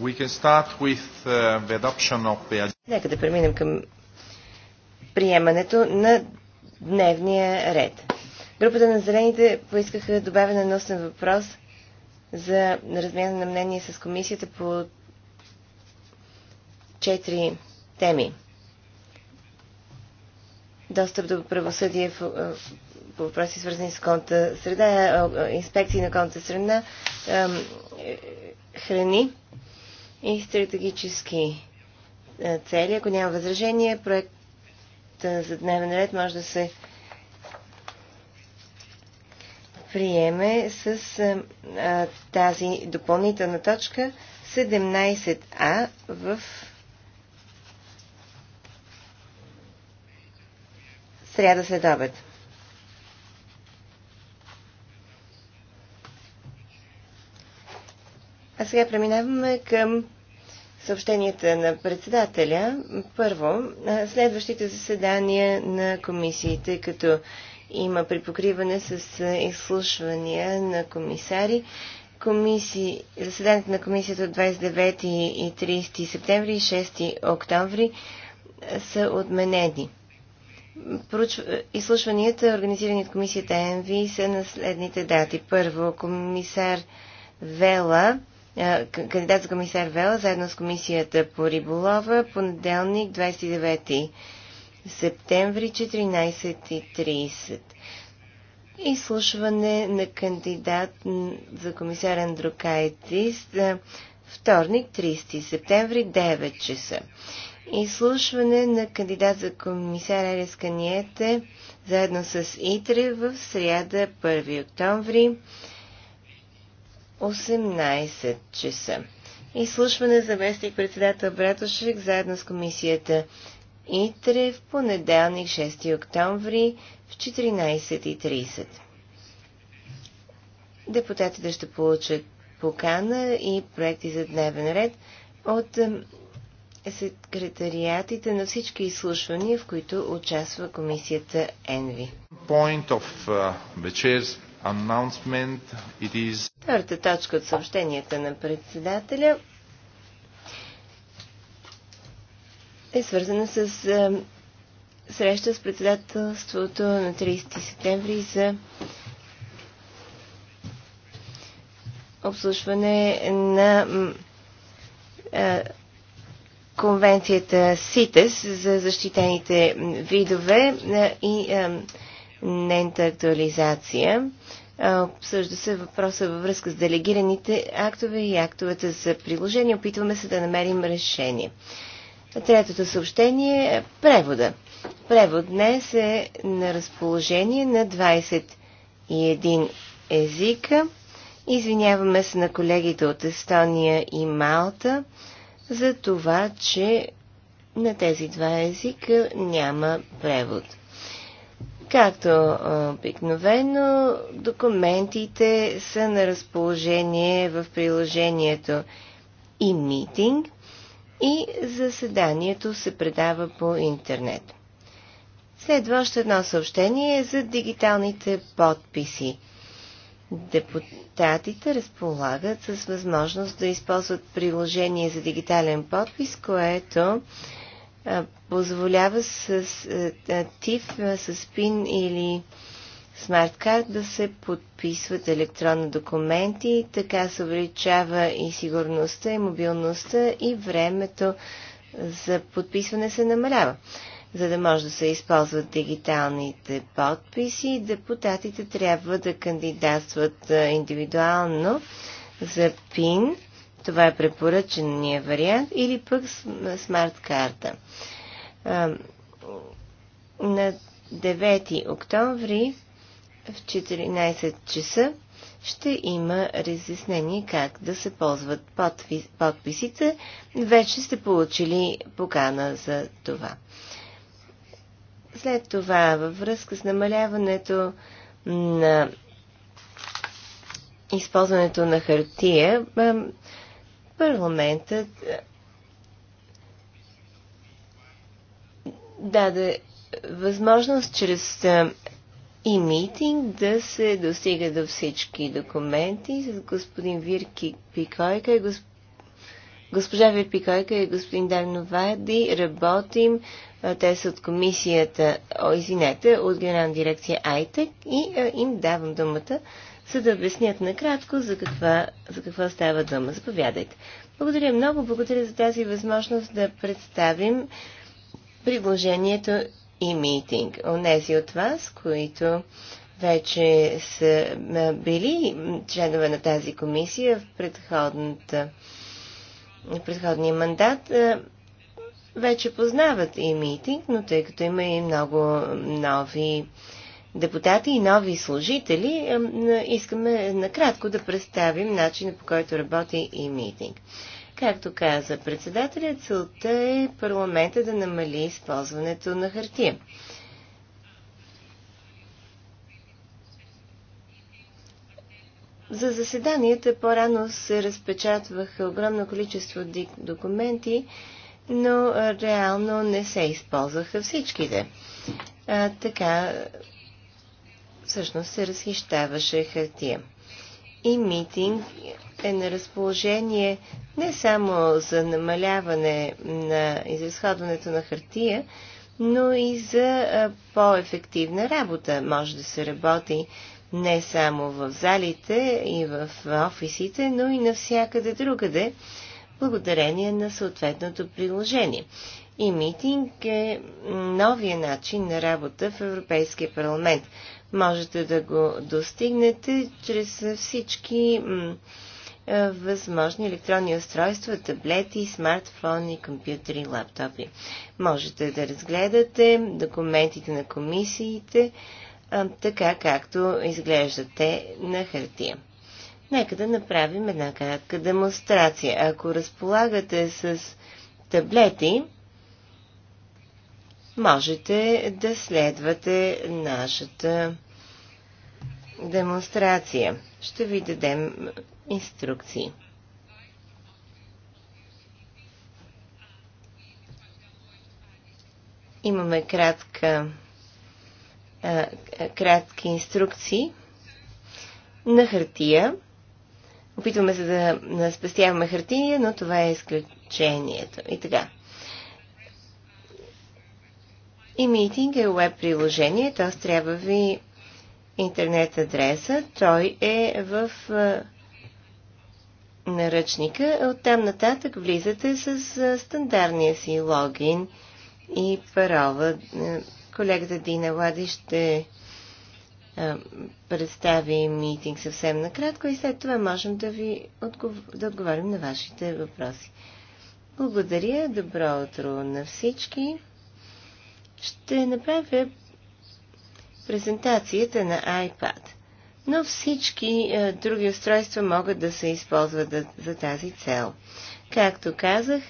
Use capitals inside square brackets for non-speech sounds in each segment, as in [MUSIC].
We can start with uh, the adoption of the... Нека да преминем към приемането на дневния ред. Групата на зелените поискаха добавяне на устен въпрос за размяна на мнение с комисията по четири теми. Достъп до правосъдие в, по въпроси свързани с конта среда, инспекции на конта среда, е, е, храни, и стратегически цели. Ако няма възражение, проект за дневен ред може да се приеме с а, тази допълнителна точка 17А в сряда след обед. А сега преминаваме към съобщенията на председателя. Първо, следващите заседания на комисиите, като има припокриване с изслушвания на комисари. Комисии, заседанието на комисията от 29 и 30 септември и 6 октомври са отменени. Изслушванията, организирани от комисията ЕНВИ, са на следните дати. Първо, комисар Вела е, кандидат за комисар Вела, заедно с комисията по риболова, понеделник 29 септември 14.30. Изслушване на кандидат за комисар Андрокайтис е, вторник 30 септември 9 часа. Изслушване на кандидат за комисар Ерес Каниете заедно с Итре в сряда 1 октомври 18 часа. Изслушване за заместник председател Братошек заедно с комисията ИТРЕ в понеделник 6 октомври в 14.30. Депутатите ще получат покана и проекти за дневен ред от секретариатите на всички изслушвания, в които участва комисията ЕНВИ. Point of, uh, announcement. It is... Втората точка от съобщенията на председателя е свързана с е, среща с председателството на 30 септември за обслужване на е, конвенцията СИТЕС за защитените видове е, и Нента актуализация. Обсъжда се въпроса във връзка с делегираните актове и актовете за приложение. Опитваме се да намерим решение. Третото съобщение е превода. Превод днес е на разположение на 21 езика. Извиняваме се на колегите от Естония и Малта за това, че на тези два езика няма превод. Както обикновено, документите са на разположение в приложението и митинг и заседанието се предава по интернет. Следва още едно съобщение за дигиталните подписи. Депутатите разполагат с възможност да използват приложение за дигитален подпис, което позволява с ТИФ, с ПИН или смарткарт да се подписват електронно документи. Така се увеличава и сигурността, и мобилността, и времето за подписване се намалява. За да може да се използват дигиталните подписи, депутатите трябва да кандидатстват индивидуално за ПИН това е препоръчения вариант или пък смарт карта. На 9 октомври в 14 часа ще има разяснение как да се ползват подписите. Вече сте получили покана за това. След това, във връзка с намаляването на използването на хартия, парламентът е, даде възможност чрез и е, митинг да се достига до всички документи с господин Вирки Пикойка и госпожа Вир Пикойка и господин Дарно Вади. Работим, е, те са от комисията, о, извинете, от генерална дирекция Айтек и им давам думата за да обяснят накратко за, каква, за какво става дума. Заповядайте. Благодаря много, благодаря за тази възможност да представим приложението и митинг. Онези от вас, които вече са били членове на тази комисия в, предходната, в предходния мандат, вече познават и митинг, но тъй като има и много нови депутати и нови служители, искаме накратко да представим начина по който работи и митинг. Както каза председателя, целта е парламента да намали използването на хартия. За заседанията по-рано се разпечатваха огромно количество документи, но реално не се използваха всичките. А, така всъщност се разхищаваше хартия. И митинг е на разположение не само за намаляване на изразходването на хартия, но и за по-ефективна работа. Може да се работи не само в залите и в офисите, но и навсякъде другаде, благодарение на съответното приложение. И митинг е новия начин на работа в Европейския парламент можете да го достигнете чрез всички възможни електронни устройства, таблети, смартфони, компютри, лаптопи. Можете да разгледате документите на комисиите, така както изглеждат те на хартия. Нека да направим една кратка демонстрация. Ако разполагате с таблети, можете да следвате нашата демонстрация. Ще ви дадем инструкции. Имаме кратка, а, кратки инструкции на хартия. Опитваме се да спестяваме хартия, но това е изключението. И така. И митинг е веб приложение, т.е. трябва ви интернет адреса. Той е в наръчника. Оттам нататък влизате с стандартния си логин и парола. Колегата Дина Лади ще представи митинг съвсем накратко и след това можем да ви отговор... да отговорим на вашите въпроси. Благодаря, добро утро на всички ще направя презентацията на iPad. Но всички е, други устройства могат да се използват да, за тази цел. Както казах,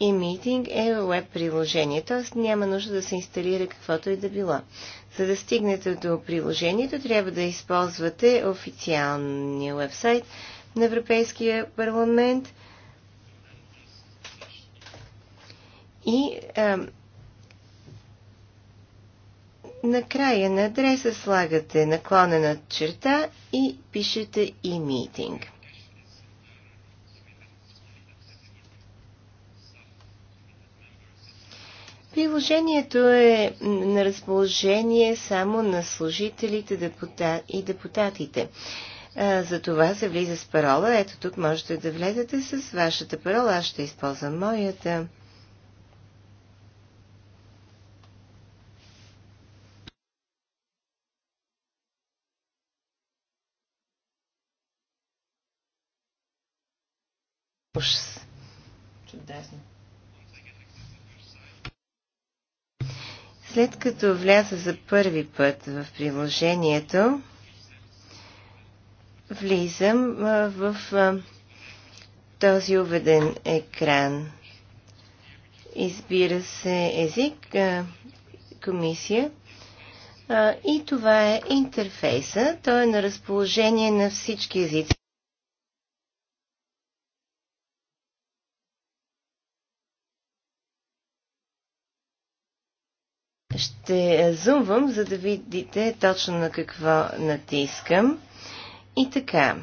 и meeting е веб приложение, т.е. няма нужда да се инсталира каквото и да било. За да стигнете до приложението, трябва да използвате официалния вебсайт на Европейския парламент и а, накрая на адреса слагате наклонена черта и пишете e-meeting. Приложението е на разположение само на служителите и депутатите. За това се влиза с парола. Ето тук можете да влезете с вашата парола. Аз ще използвам моята. уж. Чудесно. След като вляза за първи път в приложението, влизам в този уведен екран. Избира се език, комисия. И това е интерфейса. Той е на разположение на всички езици. Ще зумвам, за да видите точно на какво натискам. И така.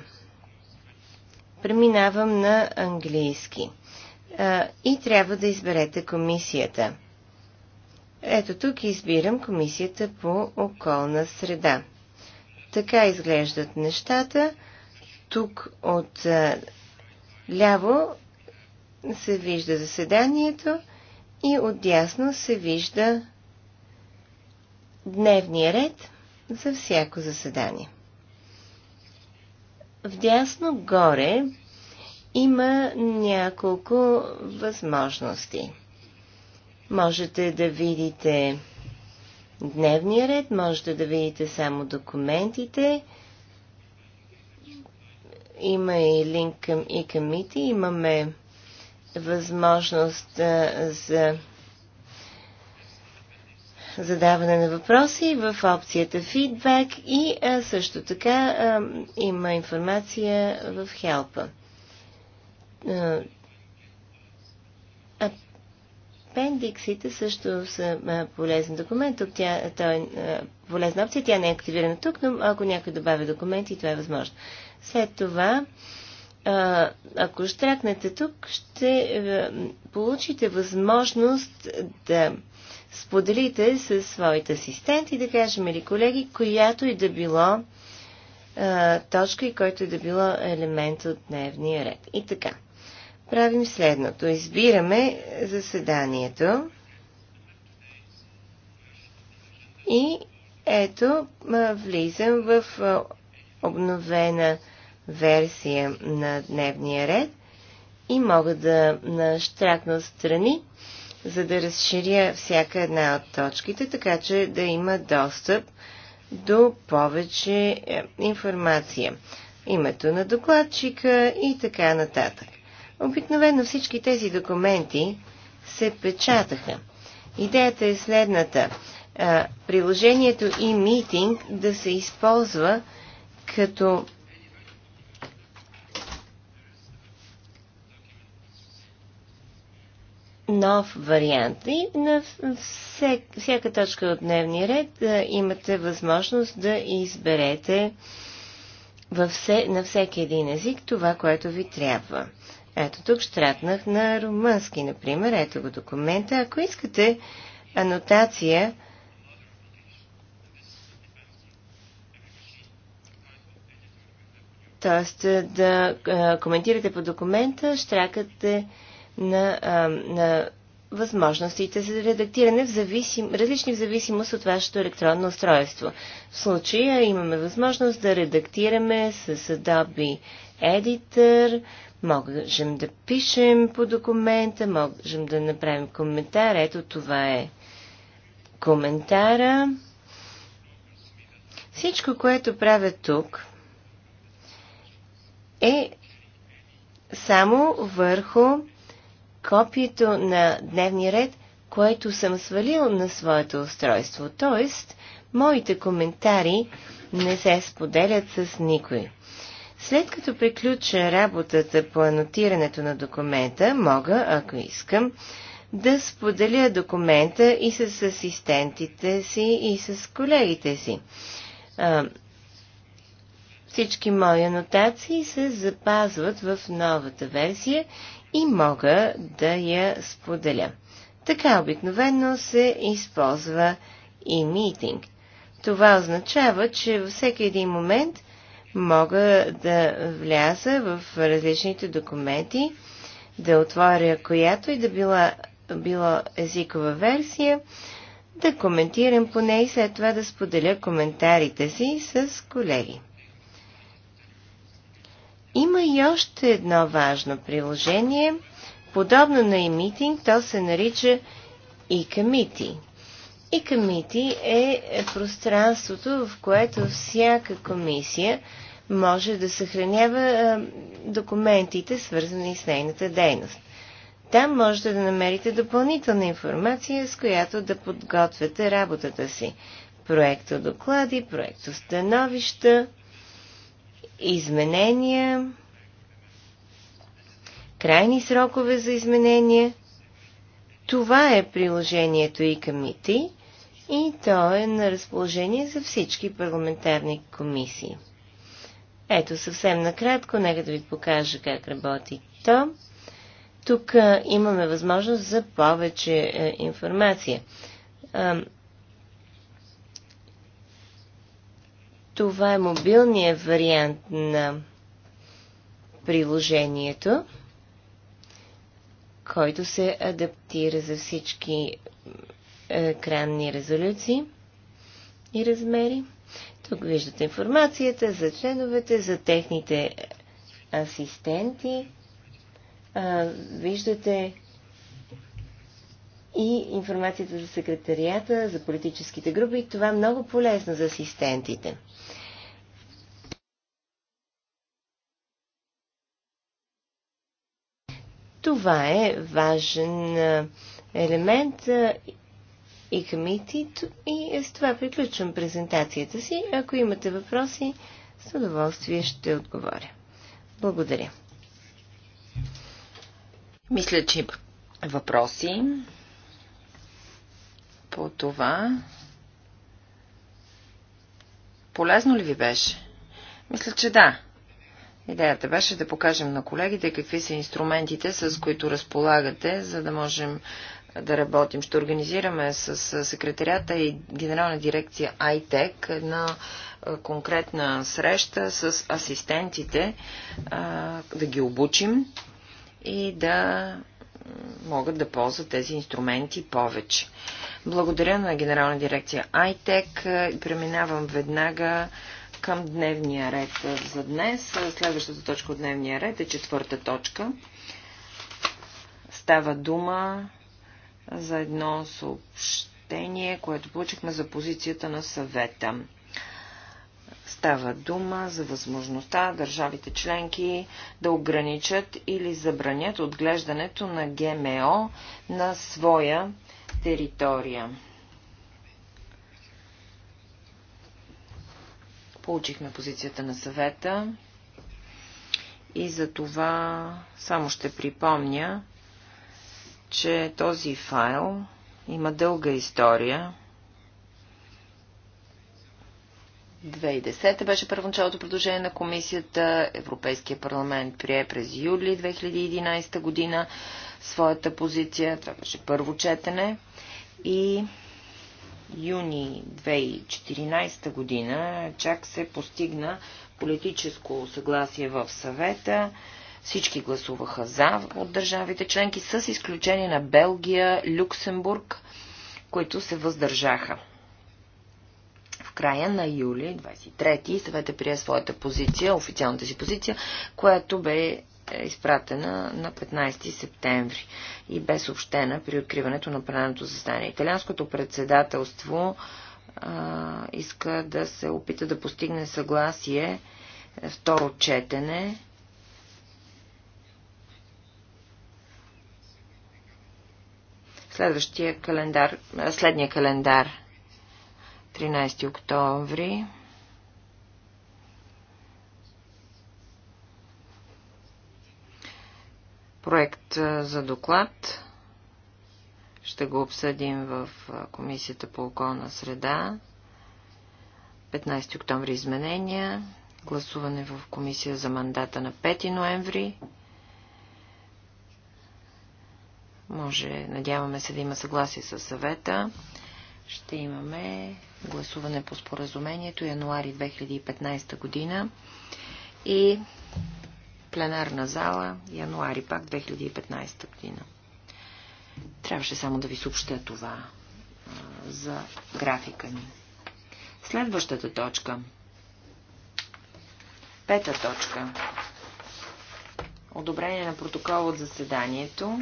Преминавам на английски. И трябва да изберете комисията. Ето тук избирам комисията по околна среда. Така изглеждат нещата. Тук от ляво се вижда заседанието и отдясно се вижда дневния ред за всяко заседание. Вдясно горе има няколко възможности. Можете да видите дневния ред, можете да видите само документите. Има и линк към към committee Имаме възможност за задаване на въпроси в опцията фидбек и също така има информация в хелпа. Апендиксите също са полезен документ. Тук тя, той полезна опция. Тя не е активирана тук, но ако някой добави документи, това е възможно. След това ако штракнете тук, ще получите възможност да споделите със своите асистенти, да кажем или колеги, която и да било а, точка и който и да било елемент от дневния ред. И така. Правим следното. Избираме заседанието. И ето, влизам в обновена версия на дневния ред и мога да штракна страни за да разширя всяка една от точките, така че да има достъп до повече е, информация. Името на докладчика и така нататък. Обикновено всички тези документи се печатаха. Идеята е следната. Приложението e-meeting да се използва като нов вариант. И на всек, всяка точка от дневния ред а, имате възможност да изберете във все, на всеки един език това, което ви трябва. Ето тук штратнах на румънски, например. Ето го документа. Ако искате анотация, т.е. да коментирате по документа, штракате на, а, на възможностите за редактиране в зависим, различни в зависимост от вашето електронно устройство. В случая имаме възможност да редактираме с Adobe Editor, можем да пишем по документа, можем да направим коментар. Ето това е коментара. Всичко, което правя тук, е само върху копието на дневния ред, което съм свалил на своето устройство. Тоест, моите коментари не се споделят с никой. След като приключа работата по анотирането на документа, мога, ако искам, да споделя документа и с асистентите си, и с колегите си. А, всички мои анотации се запазват в новата версия и мога да я споделя. Така обикновено се използва и митинг. Това означава, че във всеки един момент мога да вляза в различните документи, да отворя която и да била, била езикова версия, да коментирам по нея и след това да споделя коментарите си с колеги. Има и още едно важно приложение. Подобно на e-meeting, то се нарича e-committee. E-committee е пространството, в което всяка комисия може да съхранява документите, свързани с нейната дейност. Там можете да намерите допълнителна информация, с която да подготвяте работата си. Проекто доклади, проекто становища, изменения, крайни срокове за изменения. Това е приложението и към ИТИ и то е на разположение за всички парламентарни комисии. Ето съвсем накратко, нека да ви покажа как работи то. Тук а, имаме възможност за повече а, е, информация. А, Това е мобилният вариант на приложението, който се адаптира за всички екранни резолюции и размери. Тук виждате информацията за членовете, за техните асистенти. А, виждате и информацията за секретарията, за политическите групи. Това е много полезно за асистентите. Това е важен елемент и камити. И с това приключвам презентацията си. Ако имате въпроси, с удоволствие ще отговоря. Благодаря. Мисля, че има въпроси по това. Полезно ли ви беше? Мисля, че да. Идеята беше да покажем на колегите какви са инструментите, с които разполагате, за да можем да работим. Ще организираме с секретарята и генерална дирекция Айтек една конкретна среща с асистентите, да ги обучим и да могат да ползват тези инструменти повече. Благодаря на генерална дирекция ITEC. Преминавам веднага към дневния ред за днес. Следващата точка от дневния ред е четвърта точка. Става дума за едно съобщение, което получихме за позицията на съвета. Става дума за възможността държавите членки да ограничат или забранят отглеждането на ГМО на своя територия. Получихме позицията на съвета и за това само ще припомня, че този файл има дълга история. 2010 беше първоначалното предложение на комисията. Европейския парламент прие през юли 2011 година своята позиция. Това беше първо четене. И юни 2014 година чак се постигна политическо съгласие в съвета. Всички гласуваха за от държавите членки, с изключение на Белгия, Люксембург, които се въздържаха. В края на юли 23 съвета прие своята позиция, официалната си позиция, която бе е изпратена на 15 септември и бе съобщена при откриването на пленарното заседание. Италианското председателство а, иска да се опита да постигне съгласие е, второ четене следващия календар, следния календар 13 октомври проект за доклад. Ще го обсъдим в Комисията по околна среда. 15 октомври изменения. Гласуване в Комисия за мандата на 5 ноември. Може, надяваме се да има съгласие с съвета. Ще имаме гласуване по споразумението януари 2015 година. И пленарна зала, януари пак 2015 година. Трябваше само да ви съобщя това а, за графика ни. Следващата точка. Пета точка. Одобрение на протокол от заседанието.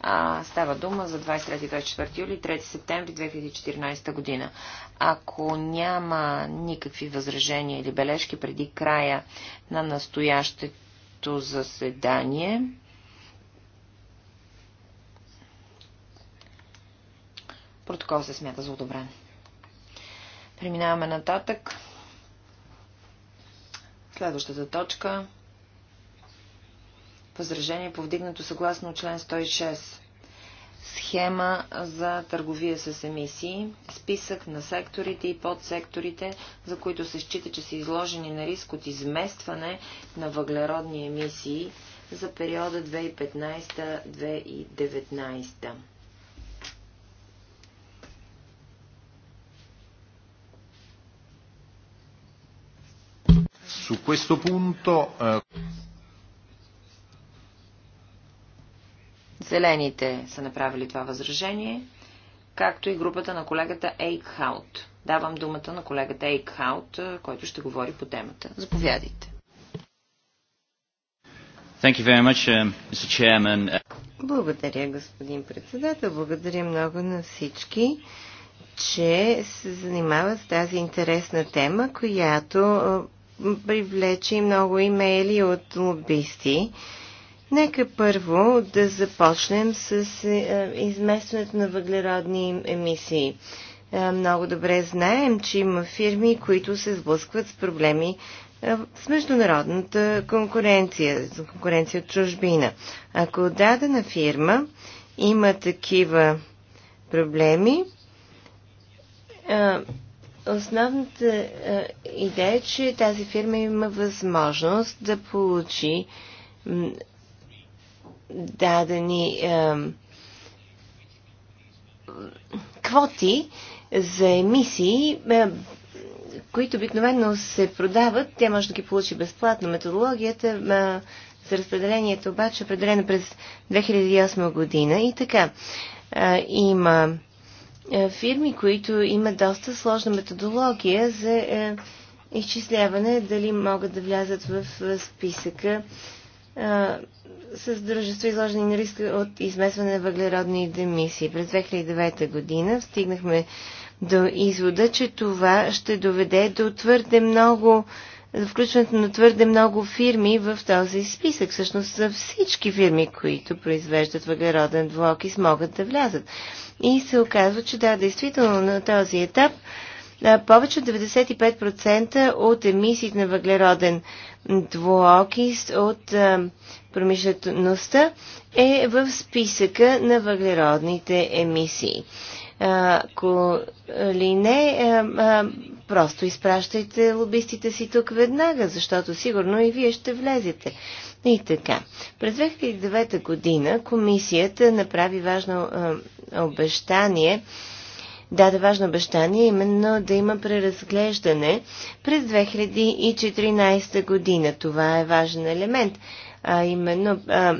А, става дума за 23-24 юли 3 септември 2014 година. Ако няма никакви възражения или бележки преди края на настоящето днешното заседание. Протокол се смята за одобрен. Преминаваме нататък. Следващата точка. Възражение повдигнато съгласно член 106 схема за търговия с емисии, списък на секторите и подсекторите, за които се счита, че са изложени на риск от изместване на въглеродни емисии за периода 2015-2019. Su questo punto, eh... Зелените са направили това възражение, както и групата на колегата Ейкхаут. Давам думата на колегата Ейкхаут, който ще говори по темата. Заповядайте. Thank you very much, uh, Mr. Chairman. Благодаря, господин председател. Благодаря много на всички, че се занимават с тази интересна тема, която привлече много имейли от лобисти. Нека първо да започнем с е, изместването на въглеродни емисии. Е, много добре знаем, че има фирми, които се сблъскват с проблеми е, с международната конкуренция, с конкуренция от чужбина. Ако дадена фирма има такива проблеми, основната идея е, че тази фирма има възможност да получи дадени е, квоти за емисии, е, които обикновено се продават. Тя може да ги получи безплатно. Методологията е, за разпределението обаче е определена през 2008 година. И така, е, има е, фирми, които имат доста сложна методология за е, изчисляване дали могат да влязат в списъка е, с дружество изложени на риска от измесване на въглеродни демисии. През 2009 година стигнахме до извода, че това ще доведе до твърде много включването на твърде много фирми в този списък. Всъщност са всички фирми, които произвеждат въглероден и могат да влязат. И се оказва, че да, действително на този етап повече от 95% от емисиите на въглероден двуокис от промишлеността е в списъка на въглеродните емисии. Ако ли не, просто изпращайте лобистите си тук веднага, защото сигурно и вие ще влезете. И така. През 2009 година комисията направи важно обещание даде важно обещание, именно да има преразглеждане през 2014 година. Това е важен елемент, а именно а,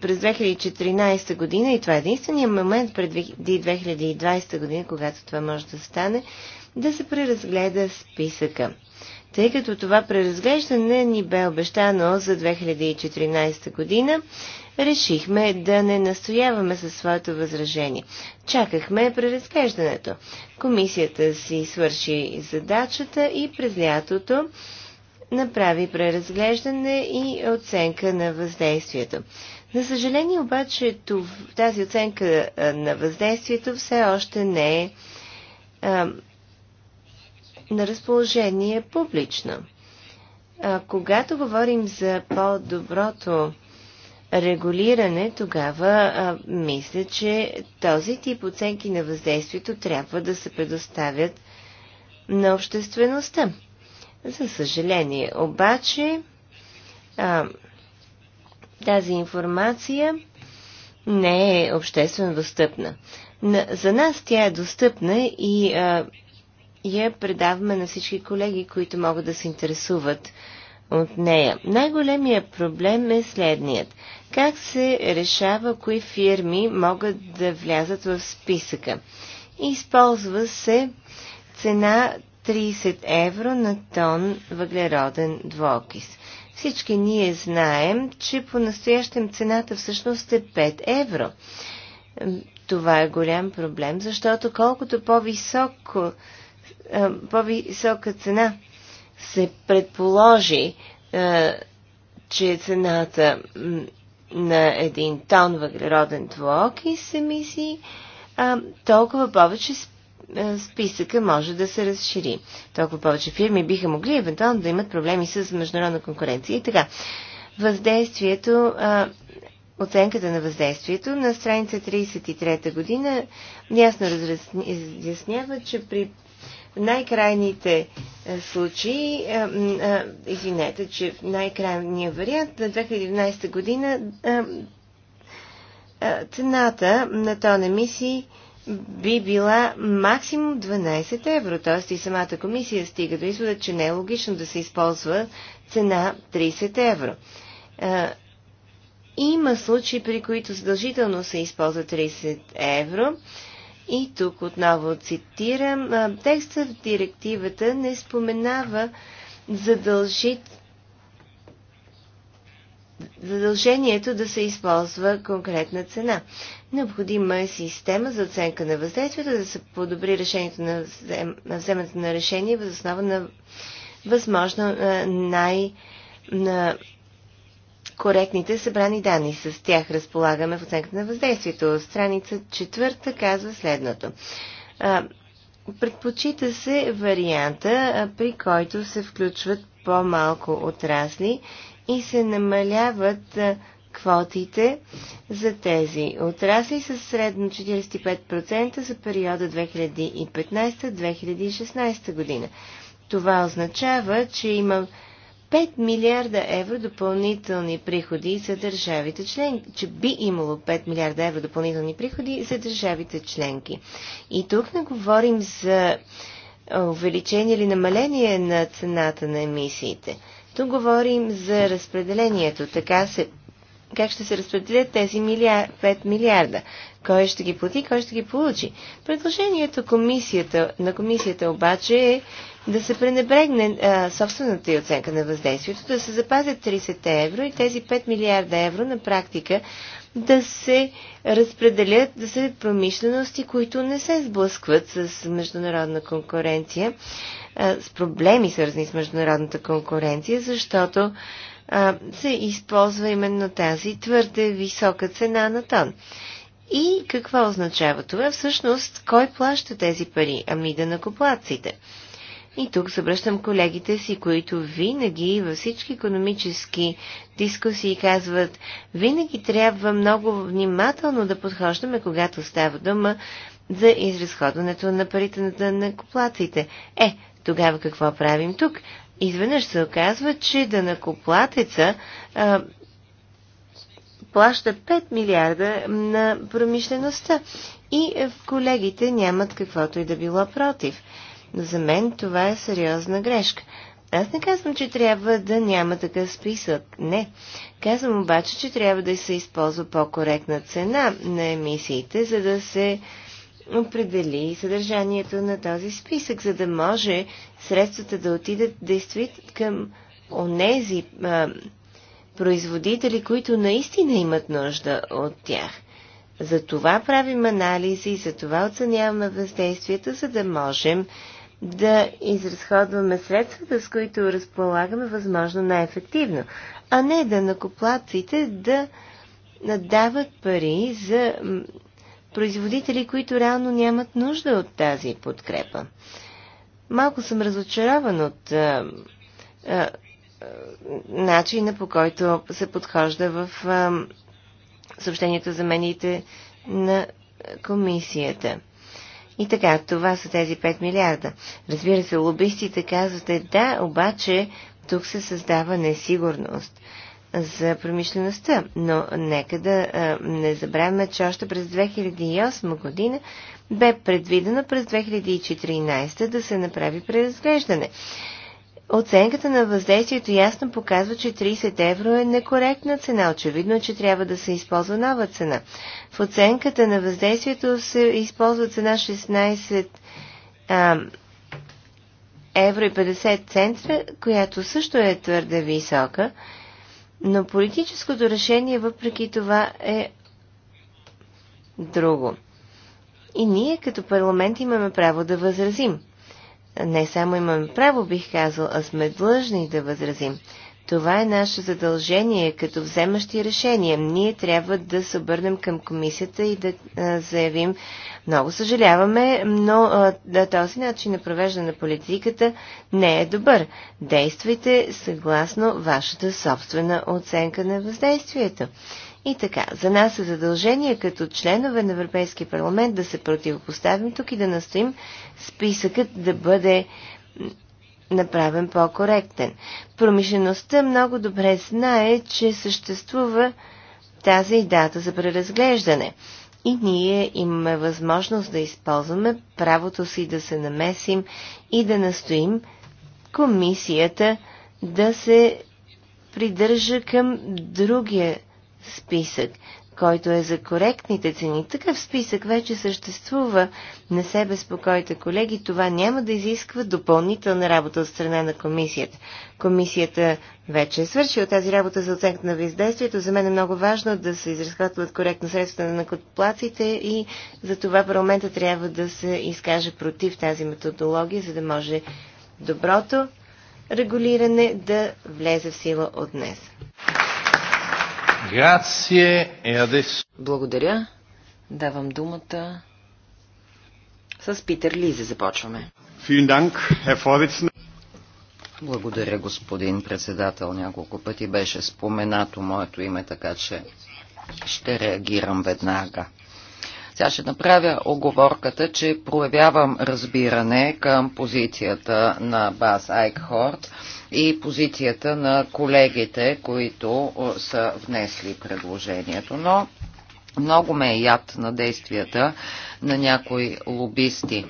през 2014 година, и това е единствения момент преди 2020 година, когато това може да стане, да се преразгледа списъка. Тъй като това преразглеждане ни бе обещано за 2014 година, решихме да не настояваме със своето възражение. Чакахме преразглеждането. Комисията си свърши задачата и през лятото направи преразглеждане и оценка на въздействието. На съжаление обаче тази оценка на въздействието все още не е на разположение публично. когато говорим за по-доброто регулиране, тогава мисля, че този тип оценки на въздействието трябва да се предоставят на обществеността. За съжаление, обаче а, тази информация не е обществено достъпна. На, за нас тя е достъпна и а, я предаваме на всички колеги, които могат да се интересуват от нея. Най-големия проблем е следният. Как се решава кои фирми могат да влязат в списъка? Използва се цена 30 евро на тон въглероден двокис. Всички ние знаем, че по-настоящем цената всъщност е 5 евро. Това е голям проблем, защото колкото по-високо, по-висока цена се предположи, е, че цената на един тон въглероден двуокис емисии, толкова повече е, списъка може да се разшири. Толкова повече фирми биха могли евентуално да имат проблеми с международна конкуренция. И така, въздействието, оценката на въздействието на страница 33 година ясно разяснява, че при най-крайните е, случаи, е, извинете, че в най-крайния вариант на 2011 година цената на тон емисии би била максимум 12 евро. Т.е. и самата комисия стига до извода, че не е логично да се използва цена 30 евро. Има случаи, при които задължително се използва 30 евро. И тук отново цитирам, текста в директивата не споменава задължит... задължението да се използва конкретна цена. Необходима е система за оценка на въздействието, да се подобри решението на, взем... на вземането на решение въз основа на възможно най- на коректните събрани данни. С тях разполагаме в оценката на въздействието. Страница четвърта казва следното. Предпочита се варианта, при който се включват по-малко отрасли и се намаляват квотите за тези отрасли с средно 45% за периода 2015-2016 година. Това означава, че има 5 милиарда евро допълнителни приходи за държавите членки, че би имало 5 милиарда евро допълнителни приходи за държавите членки. И тук не говорим за увеличение или намаление на цената на емисиите. Тук говорим за разпределението. Така се как ще се разпределят тези милиар... 5 милиарда? Кой ще ги плати, кой ще ги получи? Предложението комисията, на комисията обаче е да се пренебрегне а, собствената и оценка на въздействието, да се запазят 30 евро и тези 5 милиарда евро на практика да се разпределят да се промишлености, които не се сблъскват с международна конкуренция, а, с проблеми свързани с международната конкуренция, защото се използва именно тази твърде висока цена на тон. И какво означава това? Всъщност, кой плаща тези пари? Ами да накоплаците. И тук събръщам колегите си, които винаги във всички економически дискусии казват, винаги трябва много внимателно да подхождаме, когато става дума за изразходването на парите на накоплаците. Е, тогава какво правим тук? изведнъж се оказва, че данакоплатеца а, плаща 5 милиарда на промишлеността и е, колегите нямат каквото и да било против. За мен това е сериозна грешка. Аз не казвам, че трябва да няма такъв списък. Не. Казвам обаче, че трябва да се използва по-коректна цена на емисиите, за да се определи съдържанието на този списък, за да може средствата да отидат действително към онези а, производители, които наистина имат нужда от тях. За това правим анализи и за това оценяваме въздействията, за да можем да изразходваме средствата, с които разполагаме възможно най-ефективно, а не да накоплаците да дават пари за производители, които реално нямат нужда от тази подкрепа. Малко съм разочарован от а, а, начина по който се подхожда в а, съобщението за мените на комисията. И така, това са тези 5 милиарда. Разбира се, лобистите казвате, да, обаче тук се създава несигурност за промишлеността. Но нека да а, не забравяме, че още през 2008 година бе предвидено през 2014 да се направи преразглеждане. Оценката на въздействието ясно показва, че 30 евро е некоректна цена. Очевидно, че трябва да се използва нова цена. В оценката на въздействието се използва цена 16 а, евро и 50 центра, която също е твърде висока но политическото решение, въпреки това, е друго. И ние като парламент имаме право да възразим. Не само имаме право, бих казал, а сме длъжни да възразим. Това е наше задължение като вземащи решения. Ние трябва да се обърнем към комисията и да а, заявим много съжаляваме, но а, да, този начин на провеждане на политиката не е добър. Действайте съгласно вашата собствена оценка на въздействието. И така, за нас е задължение като членове на Европейския парламент да се противопоставим тук и да настоим списъкът да бъде направен по-коректен. Промишлеността много добре знае, че съществува тази дата за преразглеждане. И ние имаме възможност да използваме правото си да се намесим и да настоим комисията да се придържа към другия списък, който е за коректните цени. Такъв списък вече съществува. Не се безпокойте, колеги, това няма да изисква допълнителна работа от страна на комисията. Комисията вече е свършила тази работа за оценка на въздействието. За мен е много важно да се изразходват коректно средствата на накоплаците и за това парламента трябва да се изкаже против тази методология, за да може доброто регулиране да влезе в сила от днес. Е, Благодаря. Давам думата с Питер Лизе започваме. Благодаря, господин председател. Няколко пъти беше споменато моето име, така че ще реагирам веднага. Сега ще направя оговорката, че проявявам разбиране към позицията на Бас Айкхорд и позицията на колегите, които са внесли предложението. Но много ме е яд на действията на някои лобисти.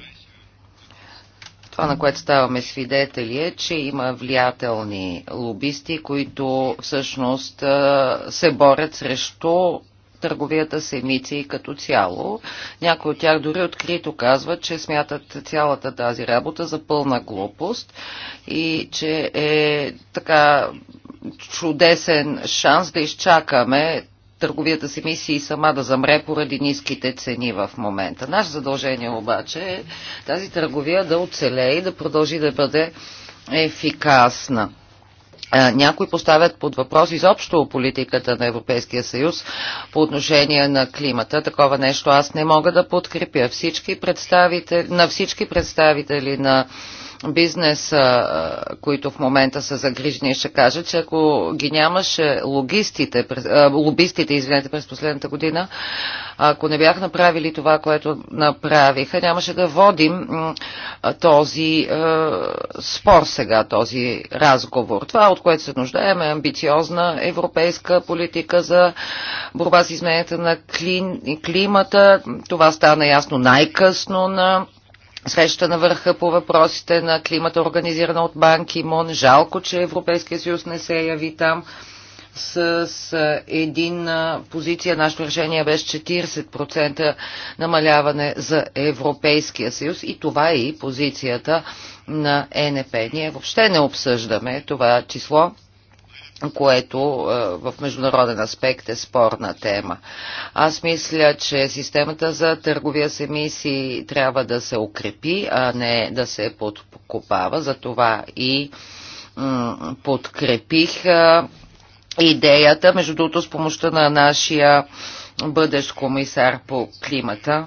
Това, на което ставаме свидетели е, че има влиятелни лобисти, които всъщност се борят срещу търговията с емисии като цяло. Някои от тях дори открито казват, че смятат цялата тази работа за пълна глупост и че е така чудесен шанс да изчакаме търговията с емисии сама да замре поради ниските цени в момента. Наше задължение обаче е тази търговия да оцелее и да продължи да бъде ефикасна. Някои поставят под въпрос изобщо политиката на Европейския съюз по отношение на климата. Такова нещо аз не мога да подкрепя. Всички представители, на всички представители на бизнес, които в момента са загрижени, ще кажа, че ако ги нямаше логистите, лобистите, извинете, през последната година, ако не бях направили това, което направиха, нямаше да водим този спор сега, този разговор. Това, от което се нуждаем, е амбициозна европейска политика за борба с измененията на климата. Това стана ясно най-късно на среща на върха по въпросите на климата, организирана от Банки Мон. Жалко, че Европейския съюз не се яви там с, с един позиция. Нашето решение е беше 40% намаляване за Европейския съюз и това е и позицията на ЕНП. Ние въобще не обсъждаме това число което е, в международен аспект е спорна тема. Аз мисля, че системата за търговия с емисии трябва да се укрепи, а не да се подкопава. Затова и подкрепих е, идеята, между другото с помощта на нашия бъдещ комисар по климата.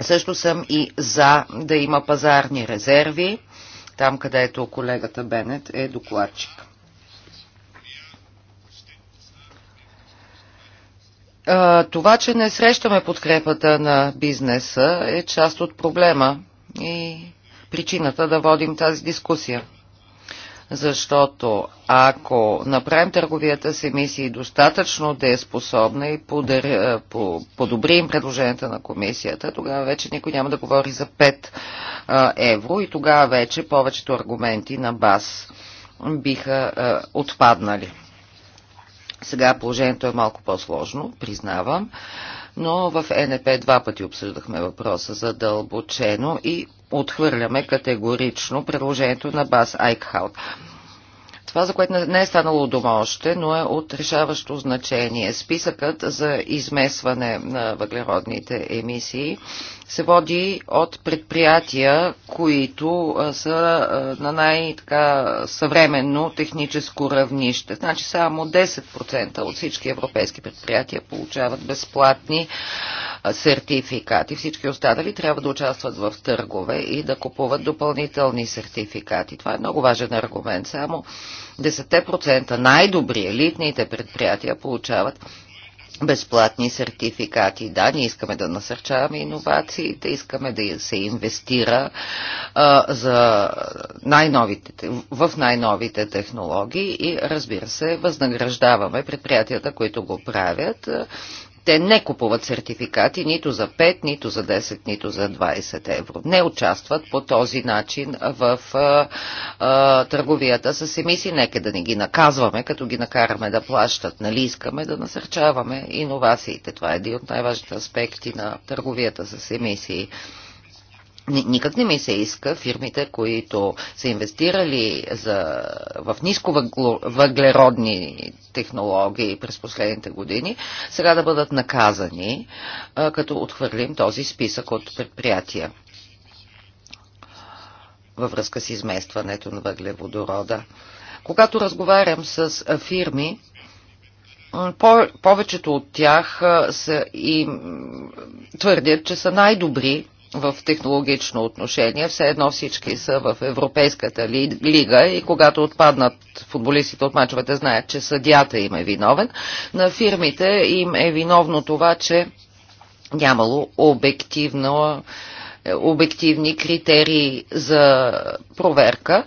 Също съм и за да има пазарни резерви там където колегата Бенет е докладчик. Това, че не срещаме подкрепата на бизнеса е част от проблема и причината да водим тази дискусия защото ако направим търговията с емисии достатъчно дееспособна и подаря, е, по, подобрим предложенията на комисията, тогава вече никой няма да говори за 5 евро и тогава вече повечето аргументи на БАС биха е, отпаднали. Сега положението е малко по-сложно, признавам но в НП два пъти обсъждахме въпроса задълбочено и отхвърляме категорично предложението на Бас Айкхаут. Това, за което не е станало дома още, но е от решаващо значение. Списъкът за измесване на въглеродните емисии се води от предприятия, които са на най-съвременно техническо равнище. Значи само 10% от всички европейски предприятия получават безплатни сертификати. Всички останали трябва да участват в търгове и да купуват допълнителни сертификати. Това е много важен аргумент. Само 10% най-добри елитните предприятия получават безплатни сертификати. Да, ние искаме да насърчаваме иновациите, искаме да се инвестира а, за най-новите, в най-новите технологии и разбира се, възнаграждаваме предприятията, които го правят. Те не купуват сертификати нито за 5, нито за 10, нито за 20 евро. Не участват по този начин в а, а, търговията с емисии. Нека да не ги наказваме, като ги накараме да плащат. Нали искаме да насърчаваме иновациите. Това е един от най-важните аспекти на търговията с емисии. Никак не ми се иска фирмите, които са инвестирали за, в нисковъглеродни технологии през последните години, сега да бъдат наказани, като отхвърлим този списък от предприятия във връзка с изместването на въглеводорода. Когато разговарям с фирми, повечето от тях са и твърдят, че са най-добри в технологично отношение. Все едно всички са в Европейската лига и когато отпаднат футболистите от мачовете, знаят, че съдята им е виновен. На фирмите им е виновно това, че нямало обективно обективни критерии за проверка.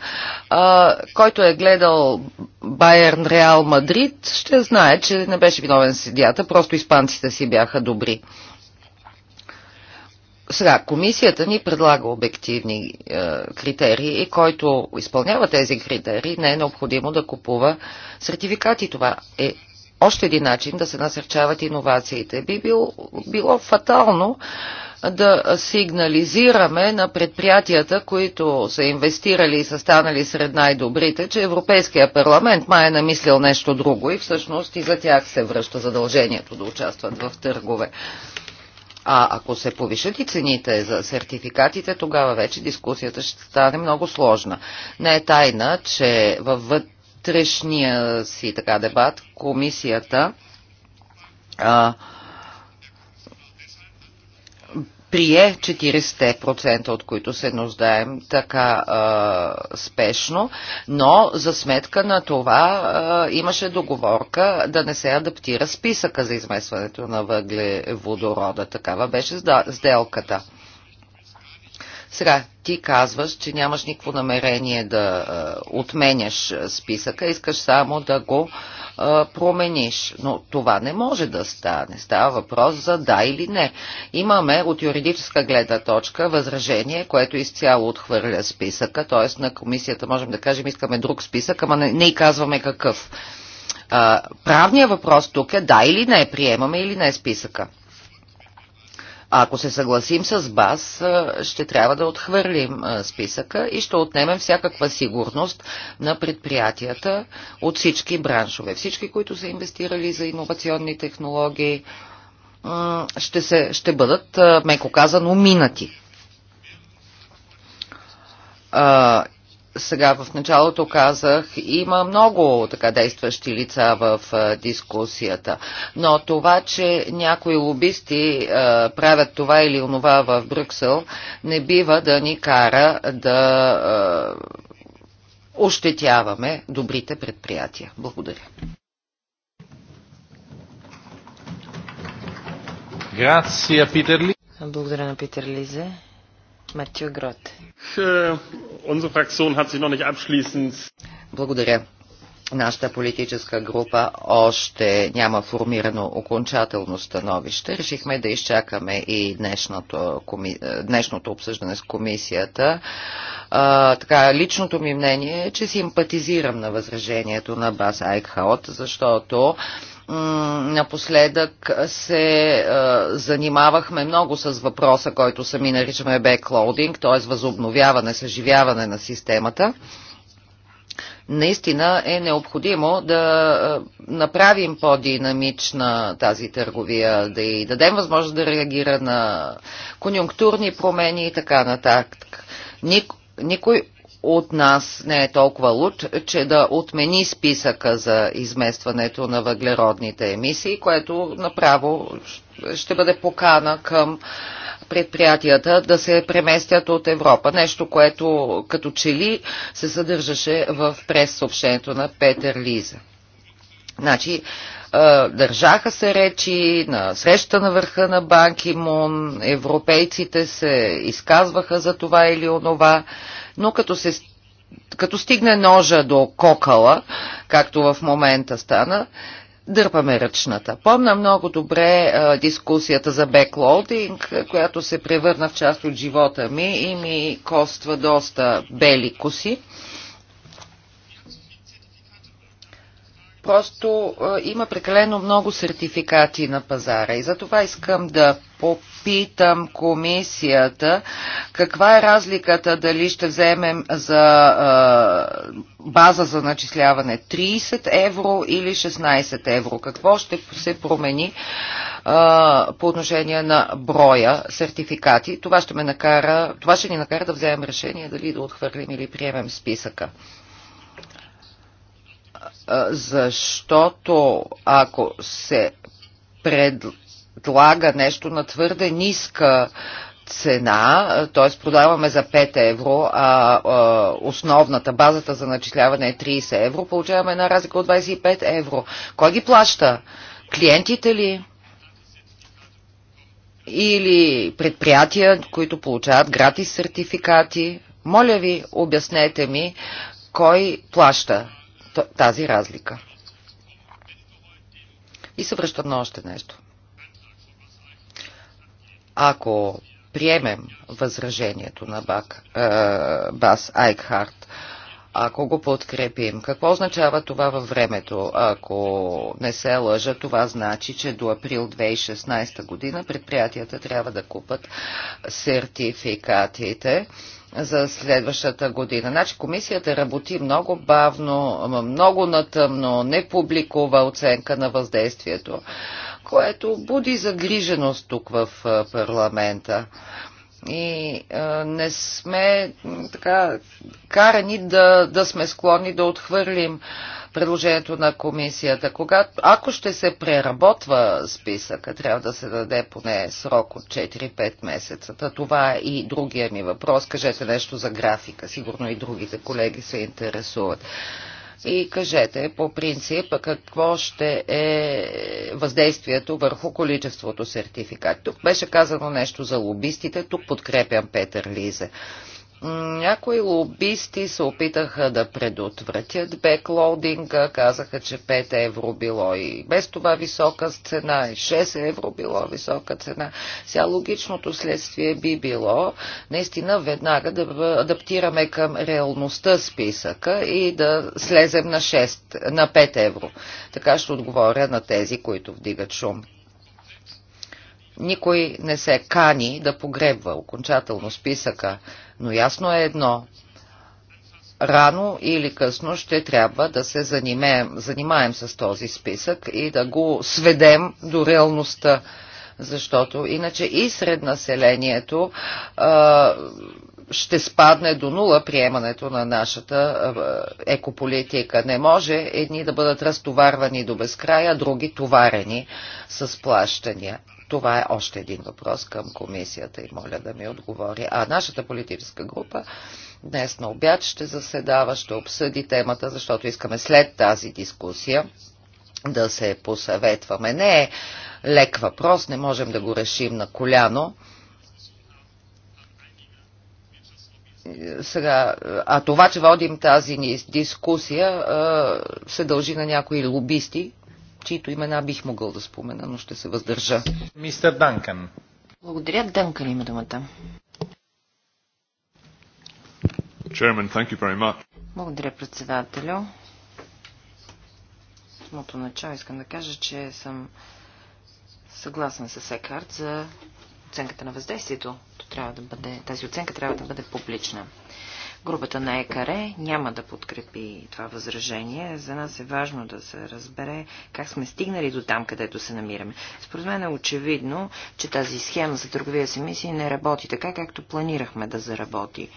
А, който е гледал Байерн Реал Мадрид, ще знае, че не беше виновен седията, просто испанците си бяха добри. Сега, комисията ни предлага обективни е, критерии и който изпълнява тези критерии, не е необходимо да купува сертификати. Това е още един начин да се насърчават иновациите. Би било било фатално да сигнализираме на предприятията, които са инвестирали и са станали сред най-добрите, че Европейския парламент май е намислил нещо друго и всъщност и за тях се връща задължението да участват в търгове. А ако се повишат и цените за сертификатите, тогава вече дискусията ще стане много сложна. Не е тайна, че във вътрешния си така дебат комисията а, прие 40%, от които се нуждаем така а, спешно, но за сметка на това а, имаше договорка да не се адаптира списъка за изместването на въглеводорода. Такава беше сделката. Сега, ти казваш, че нямаш никакво намерение да а, отменяш списъка, искаш само да го а, промениш. Но това не може да стане. Става въпрос за да или не. Имаме от юридическа гледна точка възражение, което изцяло отхвърля списъка, т.е. на комисията можем да кажем искаме друг списък, ама не, не и казваме какъв. А, правният въпрос тук е да или не, приемаме или не списъка. А ако се съгласим с БАС, ще трябва да отхвърлим списъка и ще отнемем всякаква сигурност на предприятията от всички браншове. Всички, които са инвестирали за иновационни технологии, ще, се, ще бъдат, меко казано, минати сега в началото казах, има много така действащи лица в дискусията, но това, че някои лобисти правят това или онова в Брюксел, не бива да ни кара да ощетяваме добрите предприятия. Благодаря. Благодаря на Питер Лизе. Матю Грот. Äh, Благодаря. Нашата политическа група още няма формирано окончателно становище. Решихме да изчакаме и днешното, коми... Е, днешното обсъждане с комисията. А, така, личното ми мнение е, че симпатизирам на възражението на Бас Айкхаот, защото Напоследък се е, занимавахме много с въпроса, който сами наричаме беклоудинг, т.е. възобновяване, съживяване на системата наистина е необходимо да е, направим по-динамична тази търговия, да й дадем възможност да реагира на конюнктурни промени и така нататък. Никой от нас не е толкова луд, че да отмени списъка за изместването на въглеродните емисии, което направо ще бъде покана към предприятията да се преместят от Европа. Нещо, което като че ли се съдържаше в прес съобщението на Петър Лиза. Значи, е, държаха се речи на среща на върха на Банки Мун, европейците се изказваха за това или онова, но като, се, като стигне ножа до кокала, както в момента стана, дърпаме ръчната. Помна много добре а, е, дискусията за беклоудинг, която се превърна в част от живота ми и ми коства доста бели коси. Просто а, е, има прекалено много сертификати на пазара и затова искам да попитам комисията каква е разликата дали ще вземем за а, е, база за начисляване 30 евро или 16 евро. Какво ще се промени а, е, по отношение на броя сертификати? Това ще, ме накара, това ще ни накара да вземем решение дали да отхвърлим или приемем списъка защото ако се предлага нещо на твърде ниска цена, т.е. продаваме за 5 евро, а, основната, базата за начисляване е 30 евро, получаваме една разлика от 25 евро. Кой ги плаща? Клиентите ли? Или предприятия, които получават гратис сертификати? Моля ви, обяснете ми, кой плаща? тази разлика. И се връщам на още нещо. Ако приемем възражението на Бак, э, Бас Айкхарт, ако го подкрепим. Какво означава това във времето? Ако не се лъжа, това значи, че до април 2016 година предприятията трябва да купат сертификатите за следващата година. Значи комисията работи много бавно, много натъмно, не публикува оценка на въздействието, което буди загриженост тук в парламента и а, не сме така карани да, да сме склонни да отхвърлим предложението на комисията. Когато, ако ще се преработва списъка, трябва да се даде поне срок от 4-5 месеца. Та това е и другия ми въпрос. Кажете нещо за графика. Сигурно и другите колеги се интересуват и кажете по принцип какво ще е въздействието върху количеството сертификати. Тук беше казано нещо за лобистите, тук подкрепям Петър Лизе. Някои лобисти се опитаха да предотвратят беклоудинга, казаха, че 5 евро било и без това висока цена, и 6 евро било висока цена. Сега логичното следствие би било наистина веднага да адаптираме към реалността списъка и да слезем на, 6, на 5 евро. Така ще отговоря на тези, които вдигат шум. Никой не се кани да погребва окончателно списъка, но ясно е едно. Рано или късно ще трябва да се занимаем, занимаем с този списък и да го сведем до реалността, защото иначе и сред населението а, ще спадне до нула приемането на нашата екополитика. Не може едни да бъдат разтоварвани до безкрая, други товарени с плащания. Това е още един въпрос към комисията и моля да ми отговори. А нашата политическа група днес на обяд ще заседава, ще обсъди темата, защото искаме след тази дискусия да се посъветваме. Не е лек въпрос, не можем да го решим на коляно. Сега, а това, че водим тази дискусия, се дължи на някои лобисти, чието имена бих могъл да спомена, но ще се въздържа. Мистер Данкан. Благодаря. Данкан има думата. Chairman, thank you very much. Благодаря, председателю. В самото начало искам да кажа, че съм съгласен с Екард за оценката на въздействието. трябва да бъде, тази оценка трябва да бъде публична. Групата на ЕКАРЕ няма да подкрепи това възражение. За нас е важно да се разбере как сме стигнали до там, където се намираме. Според мен е очевидно, че тази схема за търговия с емисии не работи така, както планирахме да заработи.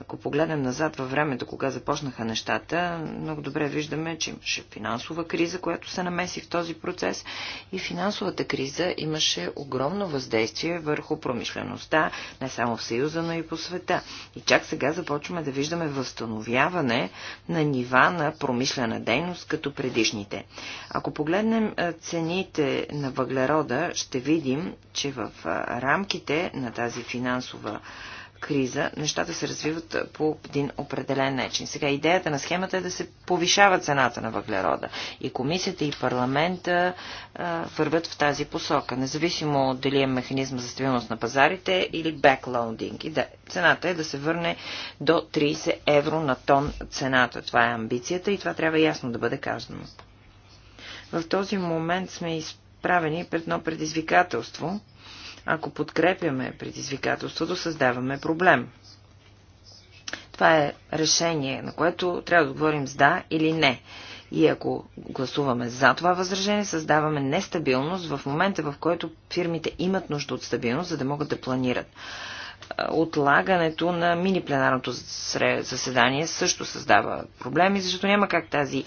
Ако погледнем назад във времето, кога започнаха нещата, много добре виждаме, че имаше финансова криза, която се намеси в този процес и финансовата криза имаше огромно въздействие върху промишлеността, не само в Съюза, но и по света. И чак сега започваме да да виждаме възстановяване на нива на промишлена дейност като предишните. Ако погледнем цените на въглерода, ще видим, че в рамките на тази финансова криза, нещата се развиват по един определен начин. Сега идеята на схемата е да се повишава цената на въглерода. И комисията, и парламента а, върват в тази посока, независимо дали е механизма за стабилност на пазарите или беклоудинг. да, цената е да се върне до 30 евро на тон цената. Това е амбицията и това трябва ясно да бъде казано. В този момент сме изправени пред едно предизвикателство, ако подкрепяме предизвикателството, създаваме проблем. Това е решение, на което трябва да говорим с да или не. И ако гласуваме за това възражение, създаваме нестабилност в момента, в който фирмите имат нужда от стабилност, за да могат да планират. Отлагането на мини пленарното заседание също създава проблеми, защото няма как тази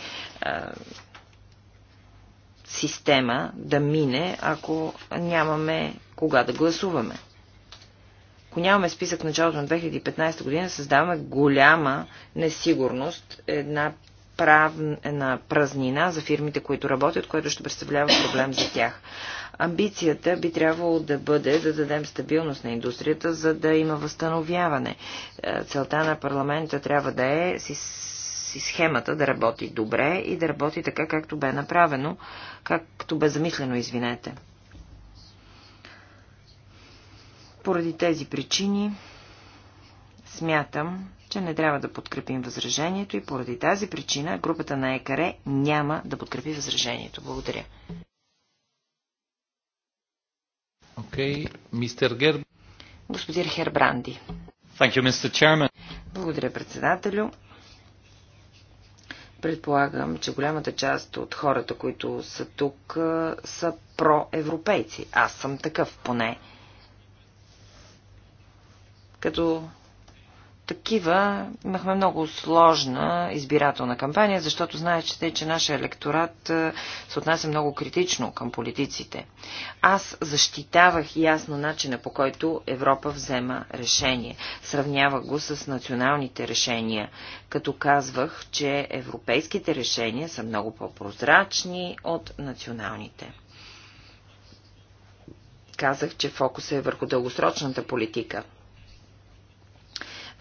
система да мине, ако нямаме кога да гласуваме. Ако нямаме списък началото на 2015 година, създаваме голяма несигурност, една правна празнина за фирмите, които работят, което ще представлява проблем за тях. Амбицията би трябвало да бъде да дадем стабилност на индустрията, за да има възстановяване. Е, целта на парламента трябва да е си схемата да работи добре и да работи така, както бе направено, както бе замислено, извинете. Поради тези причини смятам, че не трябва да подкрепим възражението и поради тази причина групата на ЕКАРЕ няма да подкрепи възражението. Благодаря. Окей, okay. мистер Герб. Господин Хербранди. You, Благодаря, председателю. Предполагам, че голямата част от хората, които са тук, са проевропейци. Аз съм такъв поне. Като такива имахме много сложна избирателна кампания, защото знаете, че нашия електорат е, се отнася много критично към политиците. Аз защитавах ясно начина по който Европа взема решение. Сравнявах го с националните решения, като казвах, че европейските решения са много по-прозрачни от националните казах, че фокус е върху дългосрочната политика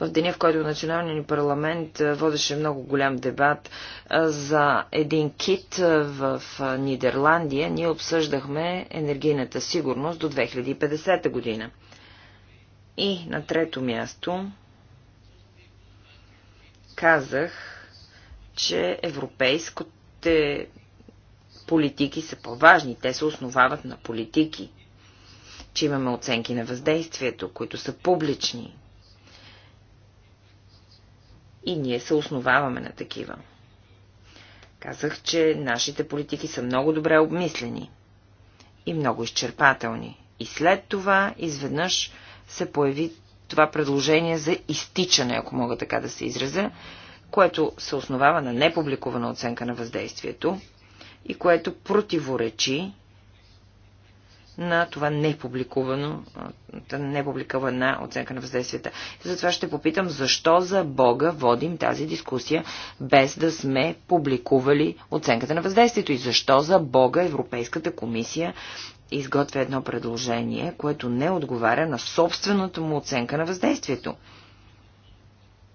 в деня, в който националният ни парламент водеше много голям дебат за един кит в Нидерландия, ние обсъждахме енергийната сигурност до 2050 година. И на трето място казах, че европейските политики са по-важни. Те се основават на политики, че имаме оценки на въздействието, които са публични, и ние се основаваме на такива. Казах, че нашите политики са много добре обмислени и много изчерпателни. И след това изведнъж се появи това предложение за изтичане, ако мога така да се изразя, което се основава на непубликувана оценка на въздействието и което противоречи на това непубликувано, непубликувана оценка на въздействията. И затова ще попитам защо за Бога водим тази дискусия без да сме публикували оценката на въздействието и защо за Бога Европейската комисия изготвя едно предложение, което не отговаря на собствената му оценка на въздействието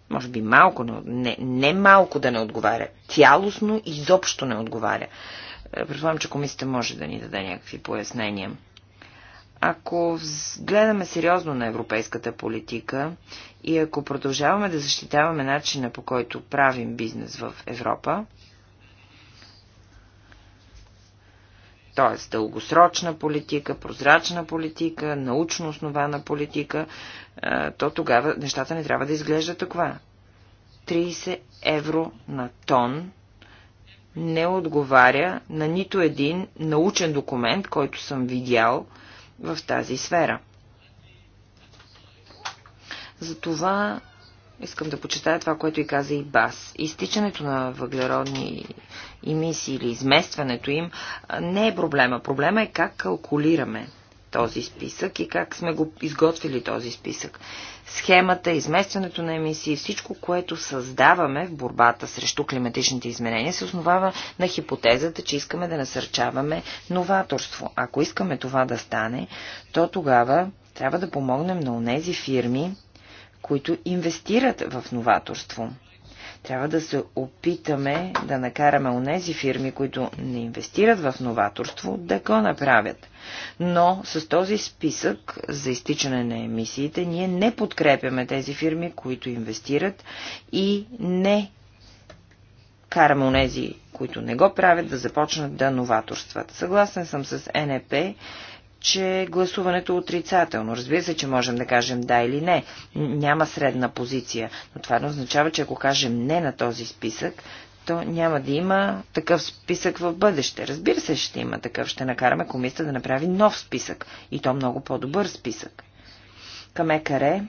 може би малко, но не, не малко да не отговаря. Цялостно изобщо не отговаря. Е, предполагам, че комисията може да ни даде някакви пояснения. Ако гледаме сериозно на европейската политика и ако продължаваме да защитаваме начина по който правим бизнес в Европа, т.е. дългосрочна политика, прозрачна политика, научно основана политика, то тогава нещата не трябва да изглеждат такова. 30 евро на тон не отговаря на нито един научен документ, който съм видял – в тази сфера. Затова искам да почитая това, което и каза и Бас. Изтичането на въглеродни емисии или изместването им не е проблема. Проблема е как калкулираме този списък и как сме го изготвили този списък схемата, изместването на емисии, всичко, което създаваме в борбата срещу климатичните изменения, се основава на хипотезата, че искаме да насърчаваме новаторство. Ако искаме това да стане, то тогава трябва да помогнем на онези фирми, които инвестират в новаторство. Трябва да се опитаме да накараме онези фирми, които не инвестират в новаторство, да го направят. Но с този списък за изтичане на емисиите ние не подкрепяме тези фирми, които инвестират и не караме онези, които не го правят, да започнат да новаторстват. Съгласен съм с НЕП че гласуването е отрицателно. Разбира се, че можем да кажем да или не. Няма средна позиция. Но това не означава, че ако кажем не на този списък, то няма да има такъв списък в бъдеще. Разбира се, ще има такъв. Ще накараме комисията да направи нов списък. И то много по-добър списък. Към ЕКАРЕ.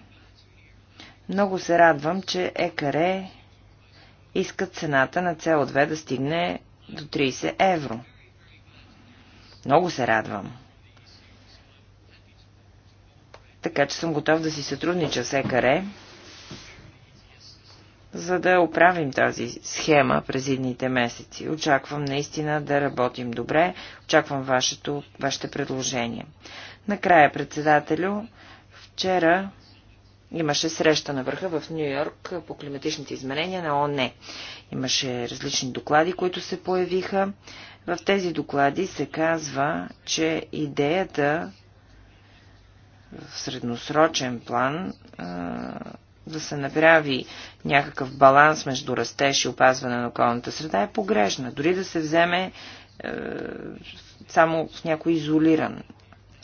Много се радвам, че ЕКАРЕ искат цената на CO2 да стигне до 30 евро. Много се радвам. Така че съм готов да си сътруднича с ЕКАРЕ, за да оправим тази схема през едните месеци. Очаквам наистина да работим добре, очаквам вашето, вашето предложение. Накрая, председателю, вчера Имаше среща на върха в Нью Йорк по климатичните изменения на ОНЕ. Имаше различни доклади, които се появиха. В тези доклади се казва, че идеята в средносрочен план да се направи някакъв баланс между растеж и опазване на околната среда е погрешна. Дори да се вземе само в някой изолиран.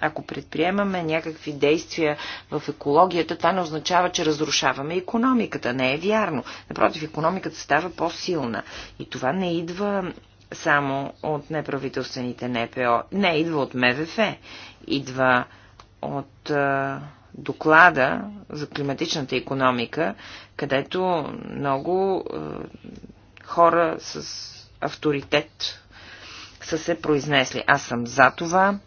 Ако предприемаме някакви действия в екологията, това не означава, че разрушаваме економиката. Не е вярно. Напротив, економиката става по-силна. И това не идва само от неправителствените НПО. Не, идва от МВФ. Идва от доклада за климатичната економика, където много хора с авторитет са се произнесли. Аз съм за това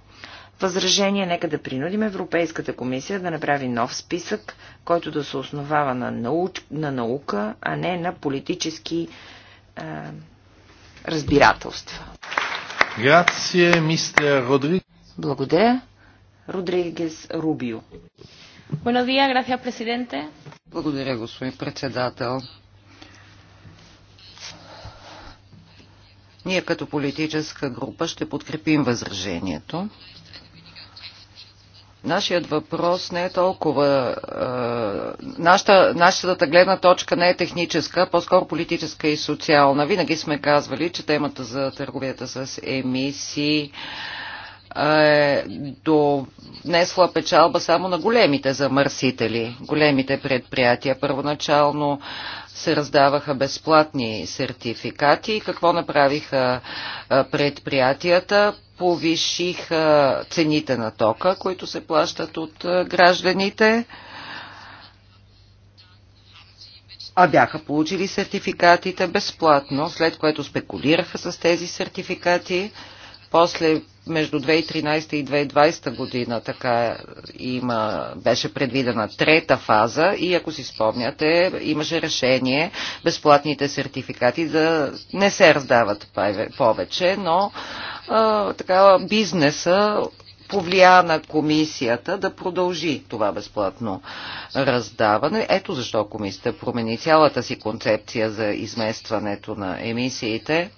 възражение. Нека да принудим Европейската комисия да направи нов списък, който да се основава на, науч... на наука, а не на политически е, разбирателства. Грация, мистер Благодаря. Родригес Рубио. Благодаря, господин председател. Ние като политическа група ще подкрепим възражението. Нашият въпрос не е толкова... Е, нашата, нашата гледна точка не е техническа, по-скоро политическа и социална. Винаги сме казвали, че темата за търговията с емисии е донесла печалба само на големите замърсители, големите предприятия. Първоначално се раздаваха безплатни сертификати. Какво направиха предприятията? Повишиха цените на тока, които се плащат от гражданите а бяха получили сертификатите безплатно, след което спекулираха с тези сертификати, после между 2013 и 2020 година така има, беше предвидена трета фаза и ако си спомняте, имаше решение безплатните сертификати да не се раздават повече, но а, така, бизнеса повлия на комисията да продължи това безплатно раздаване. Ето защо комисията промени цялата си концепция за изместването на емисиите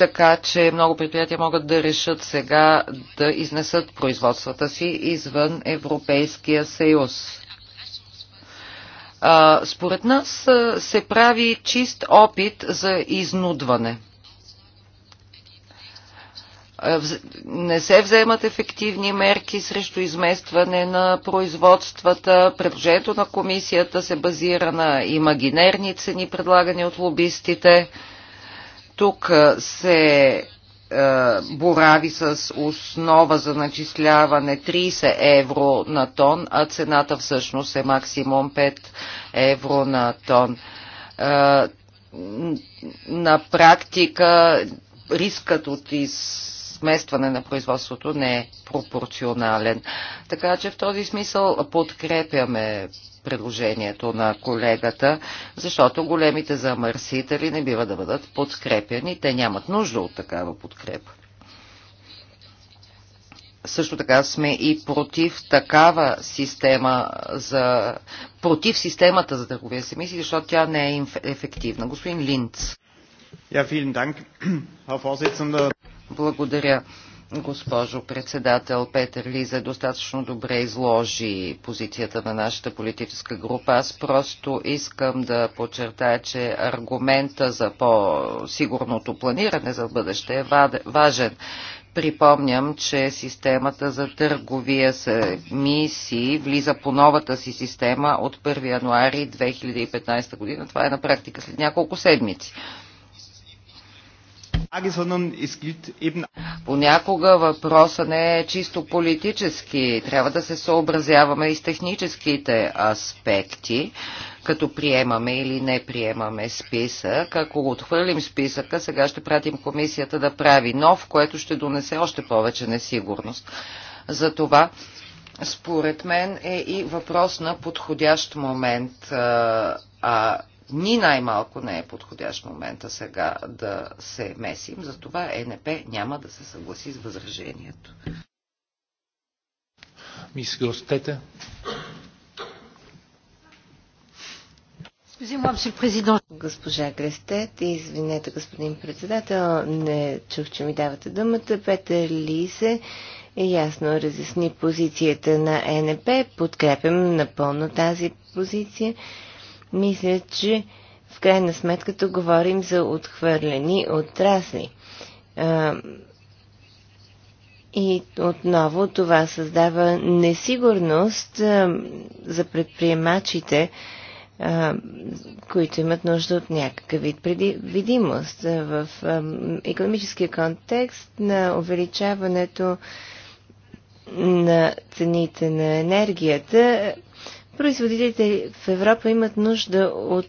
така че много предприятия могат да решат сега да изнесат производствата си извън Европейския съюз. Според нас се прави чист опит за изнудване не се вземат ефективни мерки срещу изместване на производствата. Предложението на комисията се базира на имагинерни цени, предлагани от лобистите. Тук се борави с основа за начисляване 30 евро на тон, а цената всъщност е максимум 5 евро на тон. На практика рискът от из сместване на производството не е пропорционален. Така че в този смисъл подкрепяме предложението на колегата, защото големите замърсители не бива да бъдат подкрепени. Те нямат нужда от такава подкрепа. Също така сме и против такава система за... против системата за търговия с емисии, защото тя не е ефективна. Господин Линц. Ja, vielen Dank, Herr Vorsitzender. Благодаря, госпожо председател. Петър Лиза достатъчно добре изложи позицията на нашата политическа група. Аз просто искам да подчертая, че аргумента за по-сигурното планиране за бъдеще е важен. Припомням, че системата за търговия с мисии влиза по новата си система от 1 януари 2015 година. Това е на практика след няколко седмици. Понякога въпросът не е чисто политически. Трябва да се съобразяваме и с техническите аспекти, като приемаме или не приемаме списък. Ако отхвърлим списъка, сега ще пратим комисията да прави нов, което ще донесе още повече несигурност. Затова според мен е и въпрос на подходящ момент. А, ни най-малко не е подходящ момента сега да се месим, затова ЕНП няма да се съгласи с възражението. Мис Гростете. Госпожа Грестет, извинете, господин председател, не чух, че ми давате думата. Петър Лисе е ясно разясни позицията на ЕНП. Подкрепям напълно тази позиция. Мисля, че в крайна сметка тук говорим за отхвърлени отрасли. И отново това създава несигурност за предприемачите, които имат нужда от някакъв вид видимост. В економическия контекст на увеличаването на цените на енергията Производителите в Европа имат нужда от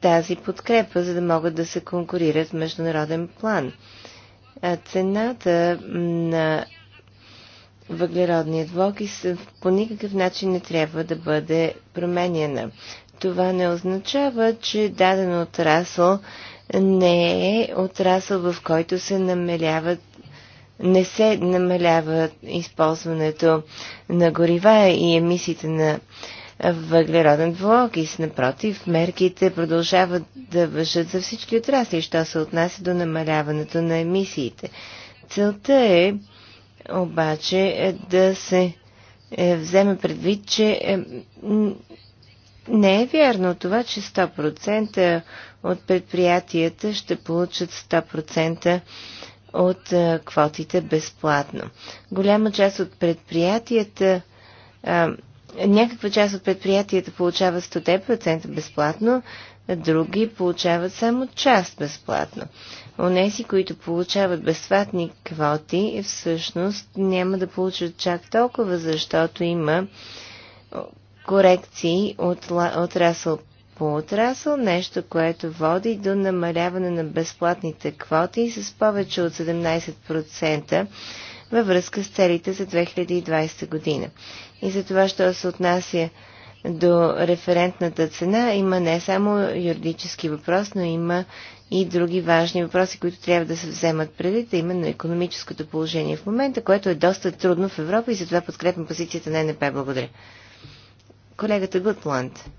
тази подкрепа, за да могат да се конкурират в международен план. А цената на въглеродния двуокис по никакъв начин не трябва да бъде променена. Това не означава, че даден отрасъл не е отрасъл, в който се намеряват не се намалява използването на горива и емисиите на въглероден двуокис. Напротив, мерките продължават да въжат за всички отрасли, що се отнася до намаляването на емисиите. Целта е обаче да се е, вземе предвид, че е, не е вярно това, че 100% от предприятията ще получат 100% от квотите безплатно. Голяма част от предприятията, някаква част от предприятията получават 100% безплатно, други получават само част безплатно. Онези, които получават безплатни квоти, всъщност няма да получат чак толкова, защото има корекции от, от Расъл по отрасъл, нещо, което води до намаляване на безплатните квоти с повече от 17% във връзка с целите за 2020 година. И за това, що се отнася до референтната цена, има не само юридически въпрос, но има и други важни въпроси, които трябва да се вземат преди, да именно економическото положение в момента, което е доста трудно в Европа и затова подкрепям позицията на НП. Благодаря. Колегата Гутланд.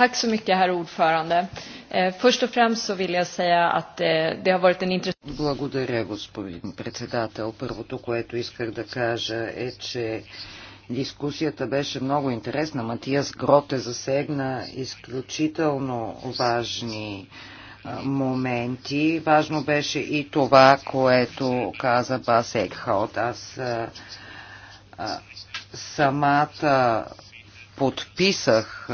Tack så mycket, herr ordförande. Eh, först och främst så vill jag säga att eh, det har varit en intressant... Благодаря, господин председател. Първото, което исках да кажа е, че дискусията беше много интересна. Матиас Гроте засегна изключително важни моменти. Важно беше и това, което каза Бас Екхаут. Аз самата подписах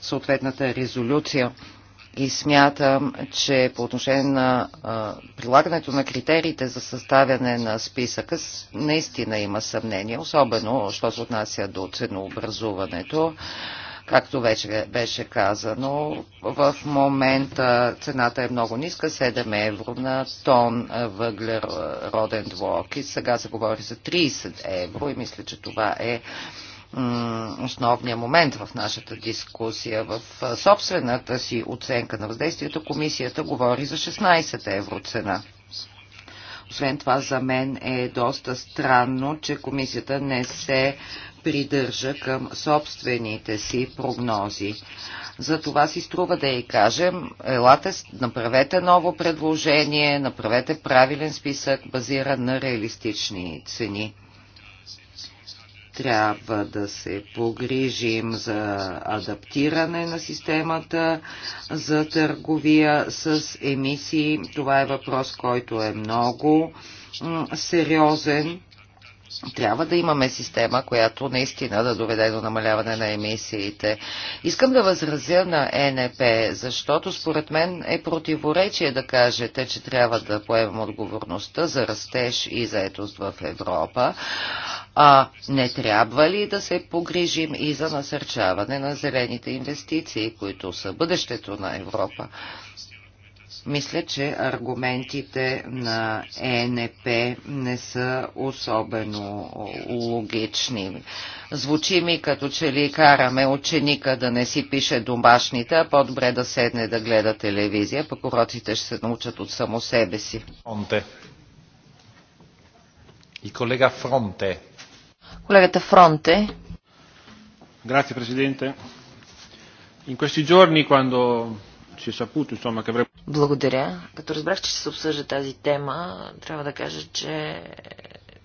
съответната резолюция и смятам, че по отношение на а, прилагането на критериите за съставяне на списъка наистина има съмнение, особено, що се отнася до ценообразуването. Както вече беше казано, в момента цената е много ниска, 7 евро на тон въглероден двуокис. Сега се говори за 30 евро и мисля, че това е основния момент в нашата дискусия. В собствената си оценка на въздействието комисията говори за 16 евро цена. Освен това, за мен е доста странно, че комисията не се придържа към собствените си прогнози. За това си струва да й кажем, елате, направете ново предложение, направете правилен списък, базиран на реалистични цени трябва да се погрижим за адаптиране на системата за търговия с емисии. Това е въпрос, който е много сериозен. Трябва да имаме система, която наистина да доведе до намаляване на емисиите. Искам да възразя на НП, защото според мен е противоречие да кажете, че трябва да поемем отговорността за растеж и заетост в Европа, а не трябва ли да се погрижим и за насърчаване на зелените инвестиции, които са бъдещето на Европа? Мисля, че аргументите на ЕНП не са особено логични. Звучи ми като че ли караме ученика да не си пише домашните, а по-добре да седне да гледа телевизия, пък уроците ще се научат от само себе си. Фронте. И колега Фронте. Колегата Фронте. Grazie Presidente. In questi giorni, quando si è saputo, insomma, che avremmo... Благодаря. Като разбрах, че ще се обсъжда тази тема, трябва да кажа, че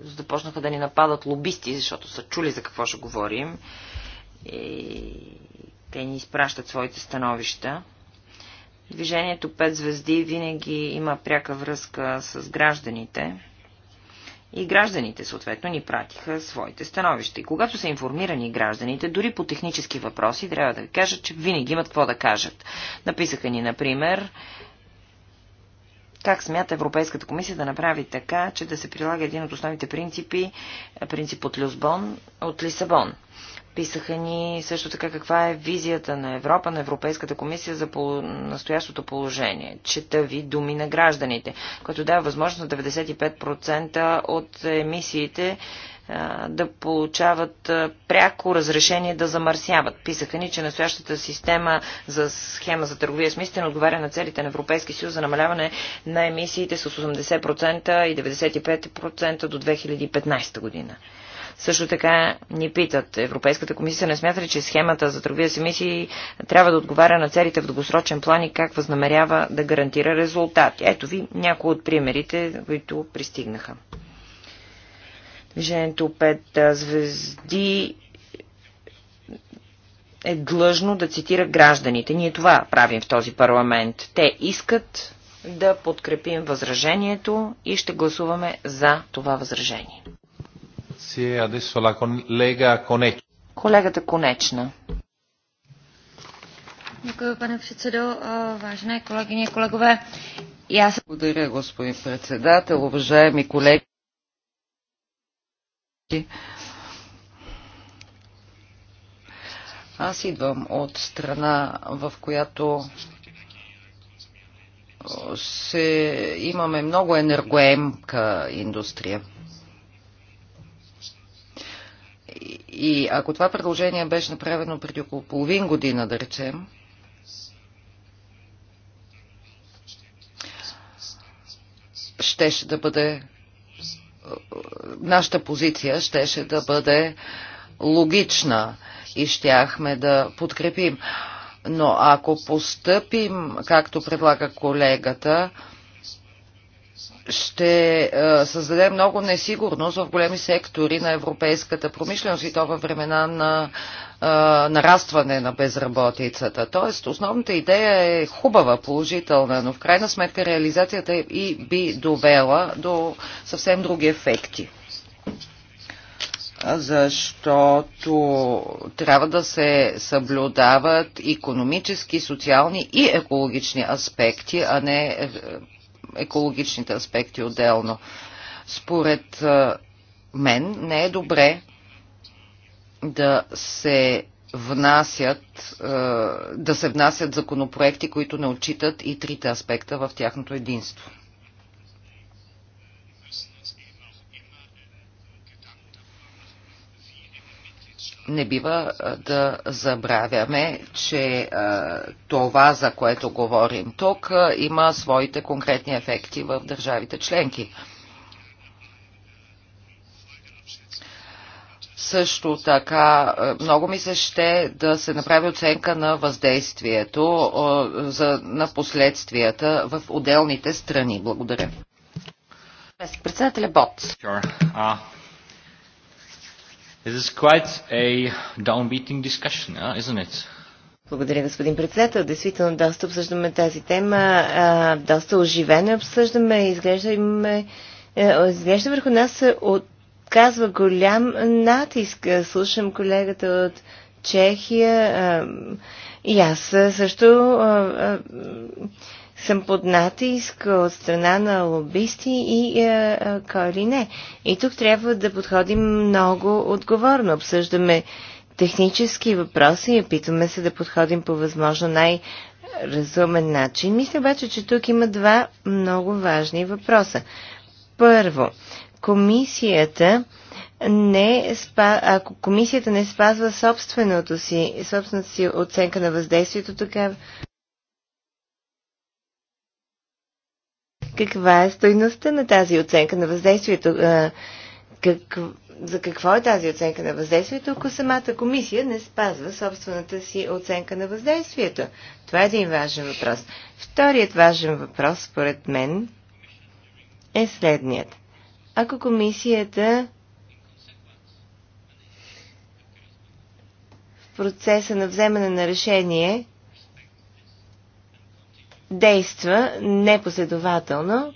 започнаха да ни нападат лобисти, защото са чули за какво ще говорим. И те ни изпращат своите становища. Движението 5 звезди винаги има пряка връзка с гражданите. И гражданите, съответно, ни пратиха своите становища. И когато са информирани гражданите, дори по технически въпроси, трябва да ви кажат, че винаги имат какво да кажат. Написаха ни, например, как смята Европейската комисия да направи така, че да се прилага един от основните принципи, принцип от Люсбон, от Лисабон. Писаха ни също така каква е визията на Европа, на Европейската комисия за полу... настоящото положение. Чета ви думи на гражданите, което дава възможност на 95% от емисиите да получават пряко разрешение да замърсяват. Писаха ни, че настоящата система за схема за търговия с отговаря на целите на Европейски съюз за намаляване на емисиите с 80% и 95% до 2015 година. Също така ни питат, Европейската комисия не смята че схемата за търговия с емисии трябва да отговаря на целите в дългосрочен план и как възнамерява да гарантира резултат. Ето ви някои от примерите, които пристигнаха. Движението 5 звезди е длъжно да цитира гражданите. Ние това правим в този парламент. Те искат да подкрепим възражението и ще гласуваме за това възражение. Grazie. Adesso la collega Колегата Конечна. Děkuji, pane předsedo, vážené kolegyně, kolegové. Já se... Благодаря, господин председател, уважаеми колеги. Аз идвам от страна, в която се, имаме много енергоемка индустрия. И ако това предложение беше направено преди около половин година, да речем, щеше да бъде нашата позиция щеше да бъде логична и щяхме да подкрепим. Но ако постъпим, както предлага колегата, ще е, създаде много несигурност в големи сектори на европейската промишленост и то във времена на е, нарастване на безработицата. Тоест, основната идея е хубава, положителна, но в крайна сметка реализацията и би довела до съвсем други ефекти защото трябва да се съблюдават економически, социални и екологични аспекти, а не е, екологичните аспекти отделно. Според мен не е добре да се внасят, да се внасят законопроекти, които не отчитат и трите аспекта в тяхното единство. не бива да забравяме, че това, за което говорим тук, има своите конкретни ефекти в държавите членки. Също така, много ми се ще да се направи оценка на въздействието на последствията в отделните страни. Благодаря. Председателя Ботс. This is quite a downbeating discussion, isn't it? Благодаря, господин председател. Действително, доста обсъждаме тази тема, доста оживено обсъждаме, изглеждаме, е, изглежда върху нас отказва голям натиск. Слушам колегата от Чехия и аз също съм под натиск от страна на лобисти и е, е, кой ли не. И тук трябва да подходим много отговорно. Обсъждаме технически въпроси и опитваме се да подходим по възможно най-разумен начин. Мисля обаче, че тук има два много важни въпроса. Първо, комисията не спа, ако комисията не спазва собственото си, собствената си оценка на въздействието, тогава каква е стойността на тази оценка на въздействието. Как, за какво е тази оценка на въздействието, ако самата комисия не спазва собствената си оценка на въздействието? Това е един важен въпрос. Вторият важен въпрос, според мен, е следният. Ако комисията в процеса на вземане на решение – действа непоследователно,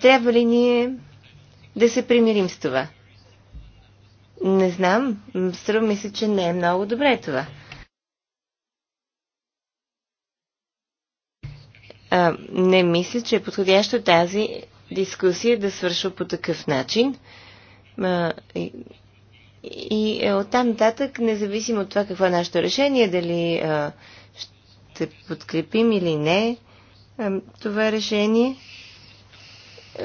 трябва ли ние да се примирим с това? Не знам. Струва ми се, че не е много добре това. А, не мисля, че е подходящо тази дискусия да свършва по такъв начин. А, и, и оттам нататък, независимо от това какво е нашето решение, дали а, ще подкрепим или не е, това решение, е,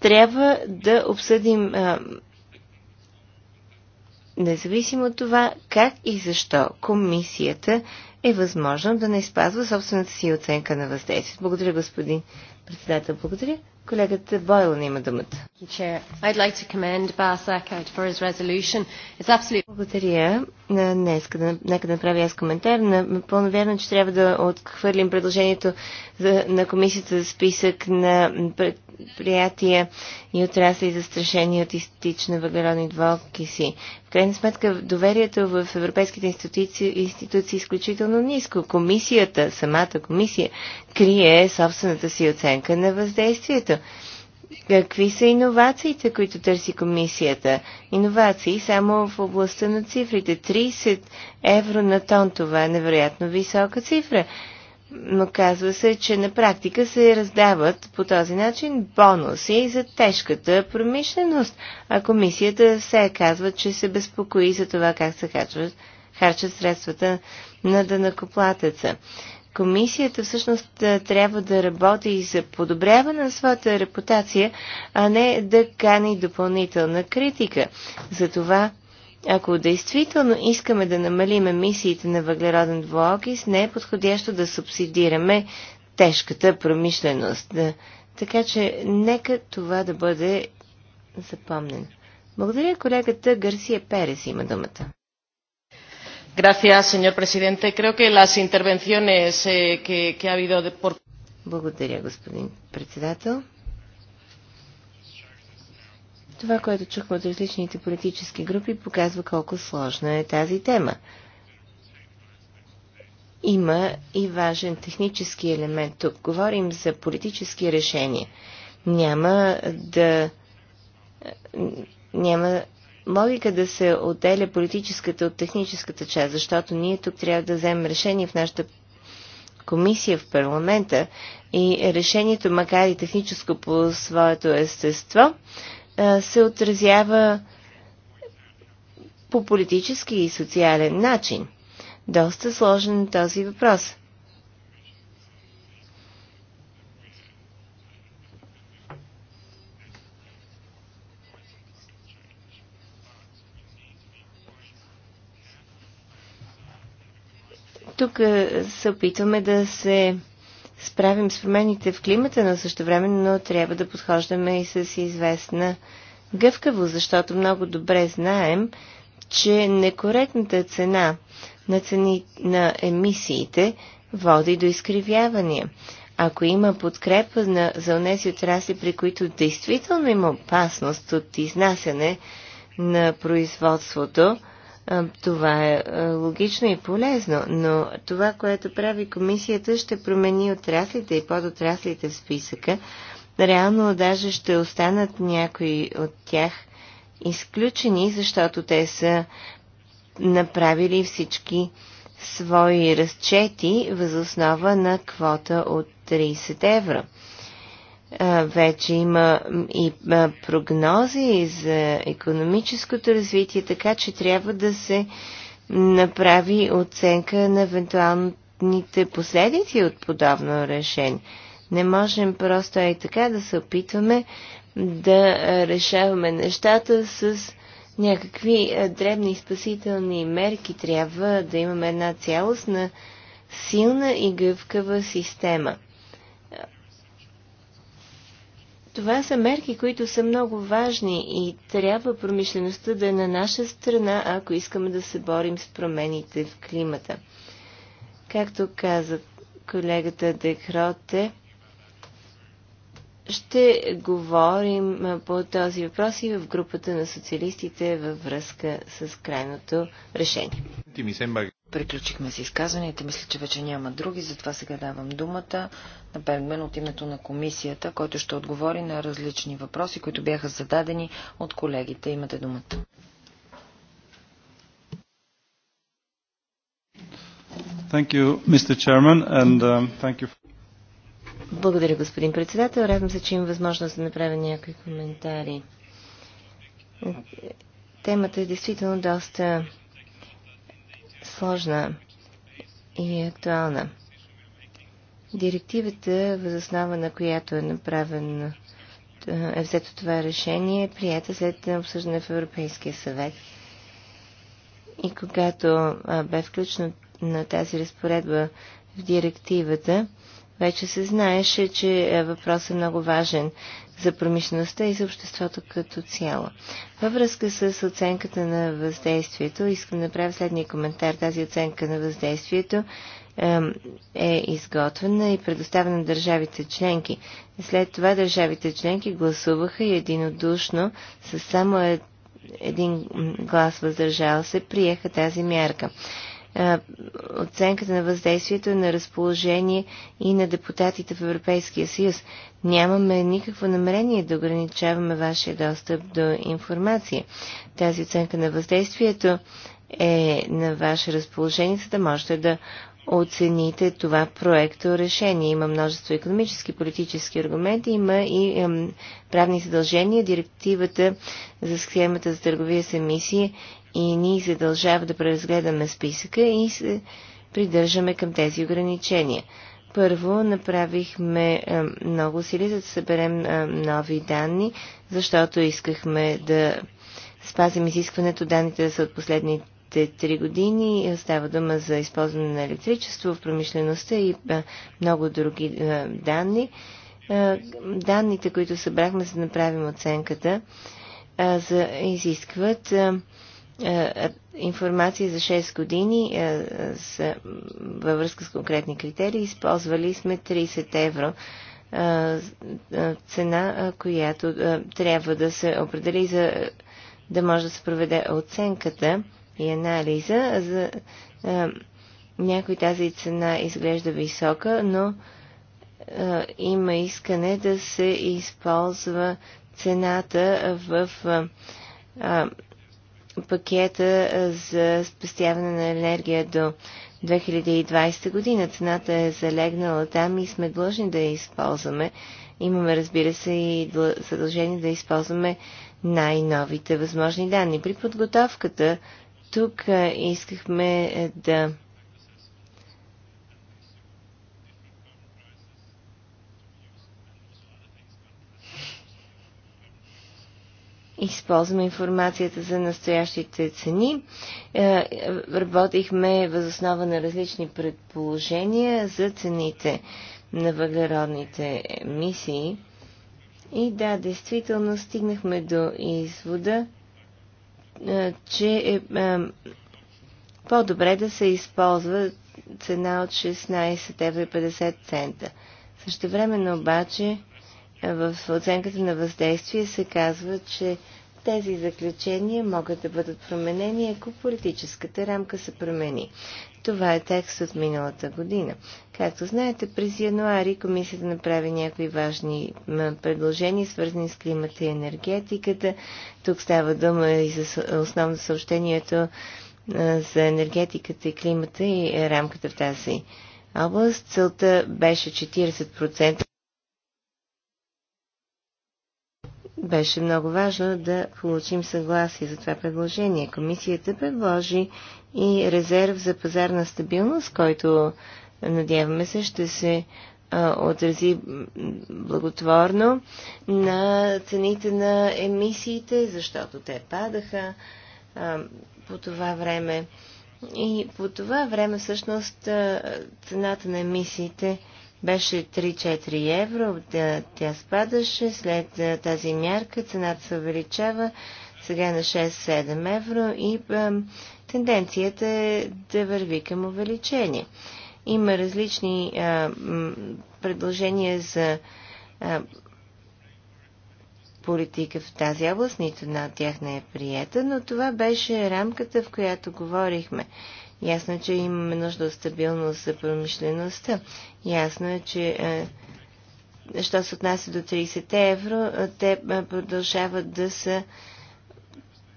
трябва да обсъдим е, независимо от това как и защо комисията е възможно да не спазва собствената си оценка на въздействие. Благодаря, господин Председател, благодаря. Колегата Бойл не има думата. Благодаря. Днес, нека да направя аз коментар. Напълно вярно, че трябва да отхвърлим предложението на комисията за списък на пред предприятия и отрасли застрашени от изтична въглеродни си. В крайна сметка доверието в европейските институции, институции е изключително ниско. Комисията, самата комисия, крие собствената си оценка на въздействието. Какви са иновациите, които търси комисията? Иновации само в областта на цифрите. 30 евро на тон, това е невероятно висока цифра но казва се, че на практика се раздават по този начин бонуси за тежката промишленост, а комисията все казва, че се безпокои за това как се харчат, харчат средствата на дънакоплатеца. Комисията всъщност трябва да работи и за подобряване на своята репутация, а не да кани допълнителна критика. Затова ако действително искаме да намалим емисиите на въглероден двуокис, не е подходящо да субсидираме тежката промишленост. Така че нека това да бъде запомнено. Благодаря колегата Гарсия Перес има думата. Eh, Благодаря, господин председател. Това, което чухме от различните политически групи, показва колко сложна е тази тема. Има и важен технически елемент тук. Говорим за политически решения. Няма да. Няма логика да се отделя политическата от техническата част, защото ние тук трябва да вземем решение в нашата комисия в парламента и решението, макар и техническо по своето естество, се отразява по политически и социален начин. Доста сложен е този въпрос. Тук се опитваме да се справим с промените в климата, но също времено трябва да подхождаме и с известна гъвкаво, защото много добре знаем, че некоректната цена на, цени, на емисиите води до изкривявания. Ако има подкрепа на, за онези отрасли, при които действително има опасност от изнасяне на производството, това е логично и полезно, но това, което прави комисията, ще промени отраслите и подотраслите в списъка. Реално даже ще останат някои от тях изключени, защото те са направили всички свои разчети възоснова на квота от 30 евро вече има и прогнози за економическото развитие, така че трябва да се направи оценка на евентуалните последици от подобно решение. Не можем просто и така да се опитваме да решаваме нещата с някакви дребни спасителни мерки. Трябва да имаме една цялостна, силна и гъвкава система – Това са мерки, които са много важни и трябва промишлеността да е на наша страна, ако искаме да се борим с промените в климата. Както каза колегата Декроте, ще говорим по този въпрос и в групата на социалистите във връзка с крайното решение. Приключихме с изказванията. Мисля, че вече няма други, затова сега давам думата на Бергмен от името на комисията, който ще отговори на различни въпроси, които бяха зададени от колегите. Имате думата. Thank you, Mr. Chairman, and um, thank you. For... Благодаря, господин председател. Радвам се, че има възможност да направя някои коментари. Темата е действително доста сложна и актуална. Директивата, възоснова на която е направено е взето това решение, е прията след обсъждане в Европейския съвет. И когато бе включена на тази разпоредба в директивата, вече се знаеше, че е, въпрос е много важен за промишлеността и за обществото като цяло. Във връзка с оценката на въздействието, искам да направя следния коментар. Тази оценка на въздействието е изготвена и предоставена на държавите членки. След това държавите членки гласуваха и единодушно с само е, един глас въздържал се, приеха тази мярка. Е, оценката на въздействието на разположение и на депутатите в Европейския съюз. Нямаме никакво намерение да ограничаваме вашия достъп до информация. Тази оценка на въздействието е на ваше разположение, за да можете да оцените това проекто решение. Има множество економически, политически аргументи, има и ем, правни задължения. Директивата за схемата за търговия с емисии и ни задължава да преразгледаме списъка и се придържаме към тези ограничения. Първо направихме е, много сили, за да съберем е, нови данни, защото искахме да спазим изискването данните да са от последните три години. Става дума за използване на електричество в промишлеността и е, много други е, данни. Е, данните, които събрахме, за да направим оценката, е, за, изискват е, е, информация за 6 години е, с, във връзка с конкретни критерии. Използвали сме 30 евро цена, която трябва да се определи за да може да се проведе оценката и анализа. За някой тази цена изглежда висока, но има искане да се използва цената в пакета за спестяване на енергия до 2020 година. Цената е залегнала там и сме длъжни да я използваме. Имаме, разбира се, и задължение да използваме най-новите възможни данни. При подготовката тук искахме да използваме информацията за настоящите цени. Е, е, работихме възоснова на различни предположения за цените на въглеродните мисии, И да, действително стигнахме до извода, е, че е по-добре да се използва цена от 16,50 евро. Същевременно обаче в оценката на въздействие се казва, че тези заключения могат да бъдат променени, ако политическата рамка се промени. Това е текст от миналата година. Както знаете, през януари комисията направи някои важни предложения, свързани с климата и енергетиката. Тук става дума и за основно съобщението за енергетиката и климата и рамката в тази област. Целта беше 40% беше много важно да получим съгласие за това предложение. Комисията предложи и резерв за пазарна стабилност, който надяваме се ще се отрази благотворно на цените на емисиите, защото те падаха по това време. И по това време всъщност цената на емисиите беше 3-4 евро, да, тя спадаше, след тази мярка цената се увеличава, сега е на 6-7 евро и а, тенденцията е да върви към увеличение. Има различни а, предложения за а, политика в тази област, нито една от тях не е приета, но това беше рамката, в която говорихме. Ясно е, че имаме нужда от стабилност за промишлеността. Ясно е, че е, що се отнася до 30 евро, е, те е, продължават да са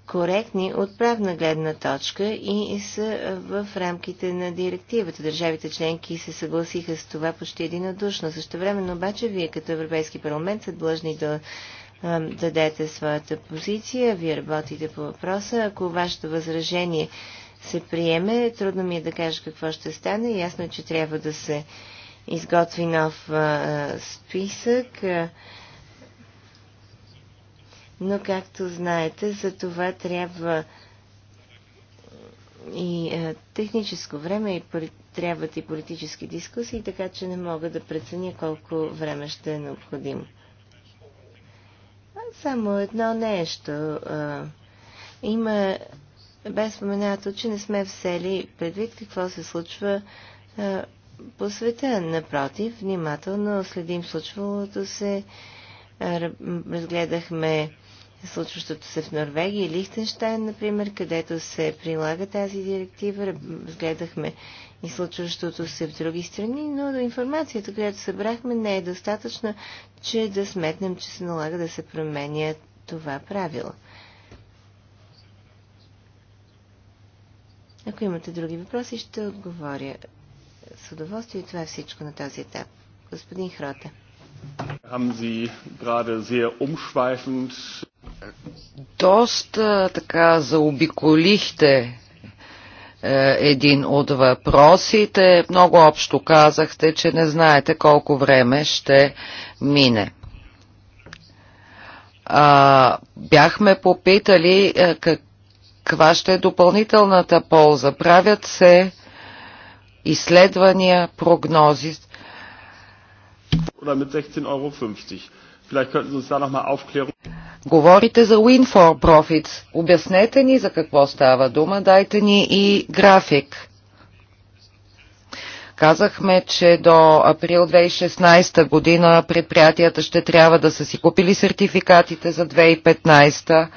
коректни от правна гледна точка и са е, в рамките на директивата. Държавите членки се съгласиха с това почти единодушно. Също но обаче вие като Европейски парламент са длъжни да дадете своята позиция, вие работите по въпроса. Ако вашето възражение се приеме. Трудно ми е да кажа какво ще стане. Ясно е, че трябва да се изготви нов а, списък. А, но, както знаете, за това трябва и а, техническо време, и трябват и политически дискусии, така че не мога да преценя колко време ще е необходимо. Само едно нещо. А, има бе споменато, че не сме всели предвид какво се случва а, по света. Напротив, внимателно следим случвалото се. А, разгледахме случващото се в Норвегия и Лихтенштайн, например, където се прилага тази директива. Разгледахме и случващото се в други страни, но информацията, която събрахме, не е достатъчна, че да сметнем, че се налага да се променя това правило. Ако имате други въпроси, ще отговоря с удоволствие. Това е всичко на този етап. Господин Хроте. Доста така заобиколихте е, един от въпросите. Много общо казахте, че не знаете колко време ще мине. бяхме попитали е, как, каква ще е допълнителната полза. Правят се изследвания, прогнози. Говорите за Win for Profits. Обяснете ни за какво става дума, дайте ни и график. Казахме, че до април 2016 година предприятията ще трябва да са си купили сертификатите за 2015 година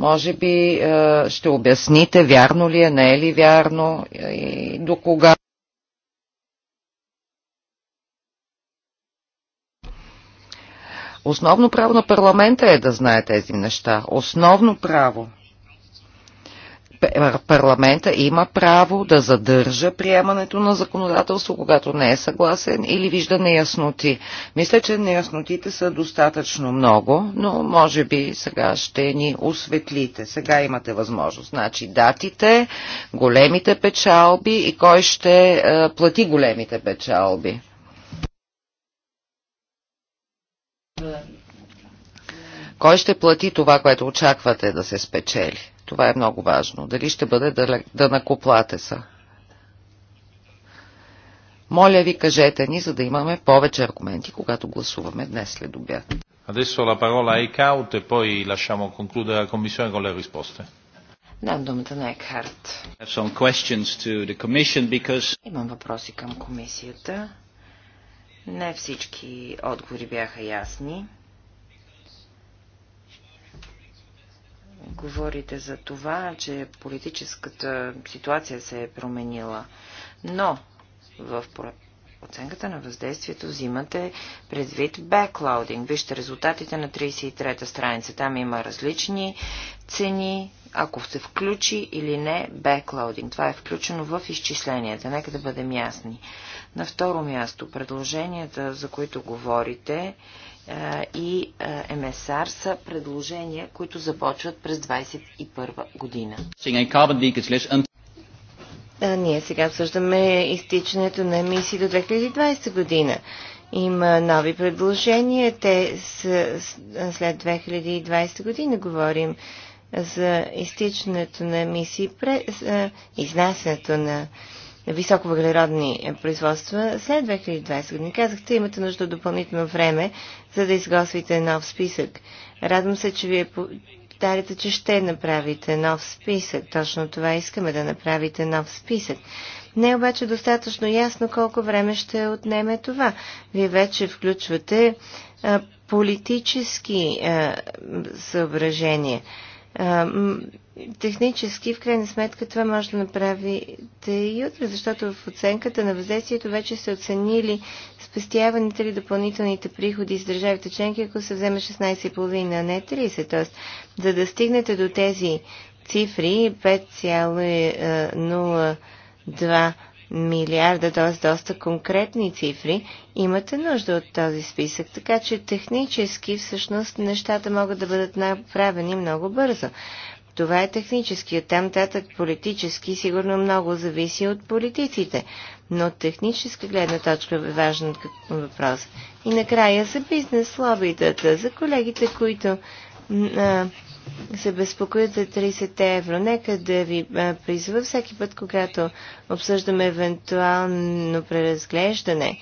може би е, ще обясните вярно ли е, не е ли вярно е, и до кога. Основно право на парламента е да знае тези неща. Основно право парламента има право да задържа приемането на законодателство, когато не е съгласен или вижда неясноти. Мисля, че неяснотите са достатъчно много, но може би сега ще ни осветлите. Сега имате възможност. Значи датите, големите печалби и кой ще е, плати големите печалби. Кой ще плати това, което очаквате да се спечели? Това е много важно. Дали ще бъде да накоплате са. Моля ви, кажете ни, за да имаме повече аргументи, когато гласуваме днес след обяд. Adesso la parola a Eickhout e poi lasciamo concludere la Commissione con le risposte. Дам думата на Екхарт. Because... Имам въпроси към комисията. Не всички отговори бяха ясни. Говорите за това, че политическата ситуация се е променила, но в оценката на въздействието взимате предвид беклаудинг. Вижте резултатите на 33-та страница. Там има различни цени, ако се включи или не беклаудинг. Това е включено в изчисленията. Нека да бъдем ясни. На второ място, предложенията, за които говорите, и МСР са предложения, които започват през 2021 година. Да, ние сега обсъждаме изтичането на емисии до 2020 година. Има нови предложения. Те са след 2020 година. Говорим за изтичането на емисии, през, а, изнасянето на емисии високовъглеродни производства след 2020 година. Казахте, имате нужда от допълнително време, за да изготвите нов списък. Радвам се, че вие повтаряте, че ще направите нов списък. Точно това искаме да направите нов списък. Не е обаче достатъчно ясно колко време ще отнеме това. Вие вече включвате а, политически а, съображения технически, в крайна сметка, това може да направите и утре, защото в оценката на въздействието вече са оценили спестяваните ли допълнителните приходи с държавите членки, ако се вземе 16,5, а не 30. Тоест, за да стигнете до тези цифри 5,02 милиарда, т.е. доста конкретни цифри, имате нужда от този списък. Така че технически всъщност нещата могат да бъдат направени много бързо. Това е технически, оттам татък политически сигурно много зависи от политиците. Но от техническа гледна точка е важен въпрос. И накрая за бизнес лобитата, за колегите, които а, се безпокоят за 30 евро. Нека да ви призва всеки път, когато обсъждаме евентуално преразглеждане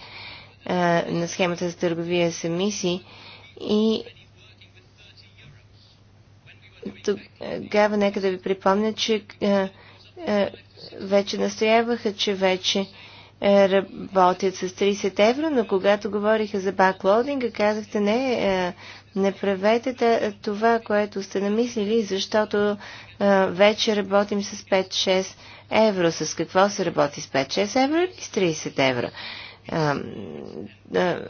на схемата за търговия с емисии и тогава нека да ви припомня, че вече настояваха, че вече работят с 30 евро, но когато говориха за баклоудинга, казахте не, не правете това, което сте намислили, защото а, вече работим с 5-6 евро. С какво се работи? С 5-6 евро или с 30 евро? А, а,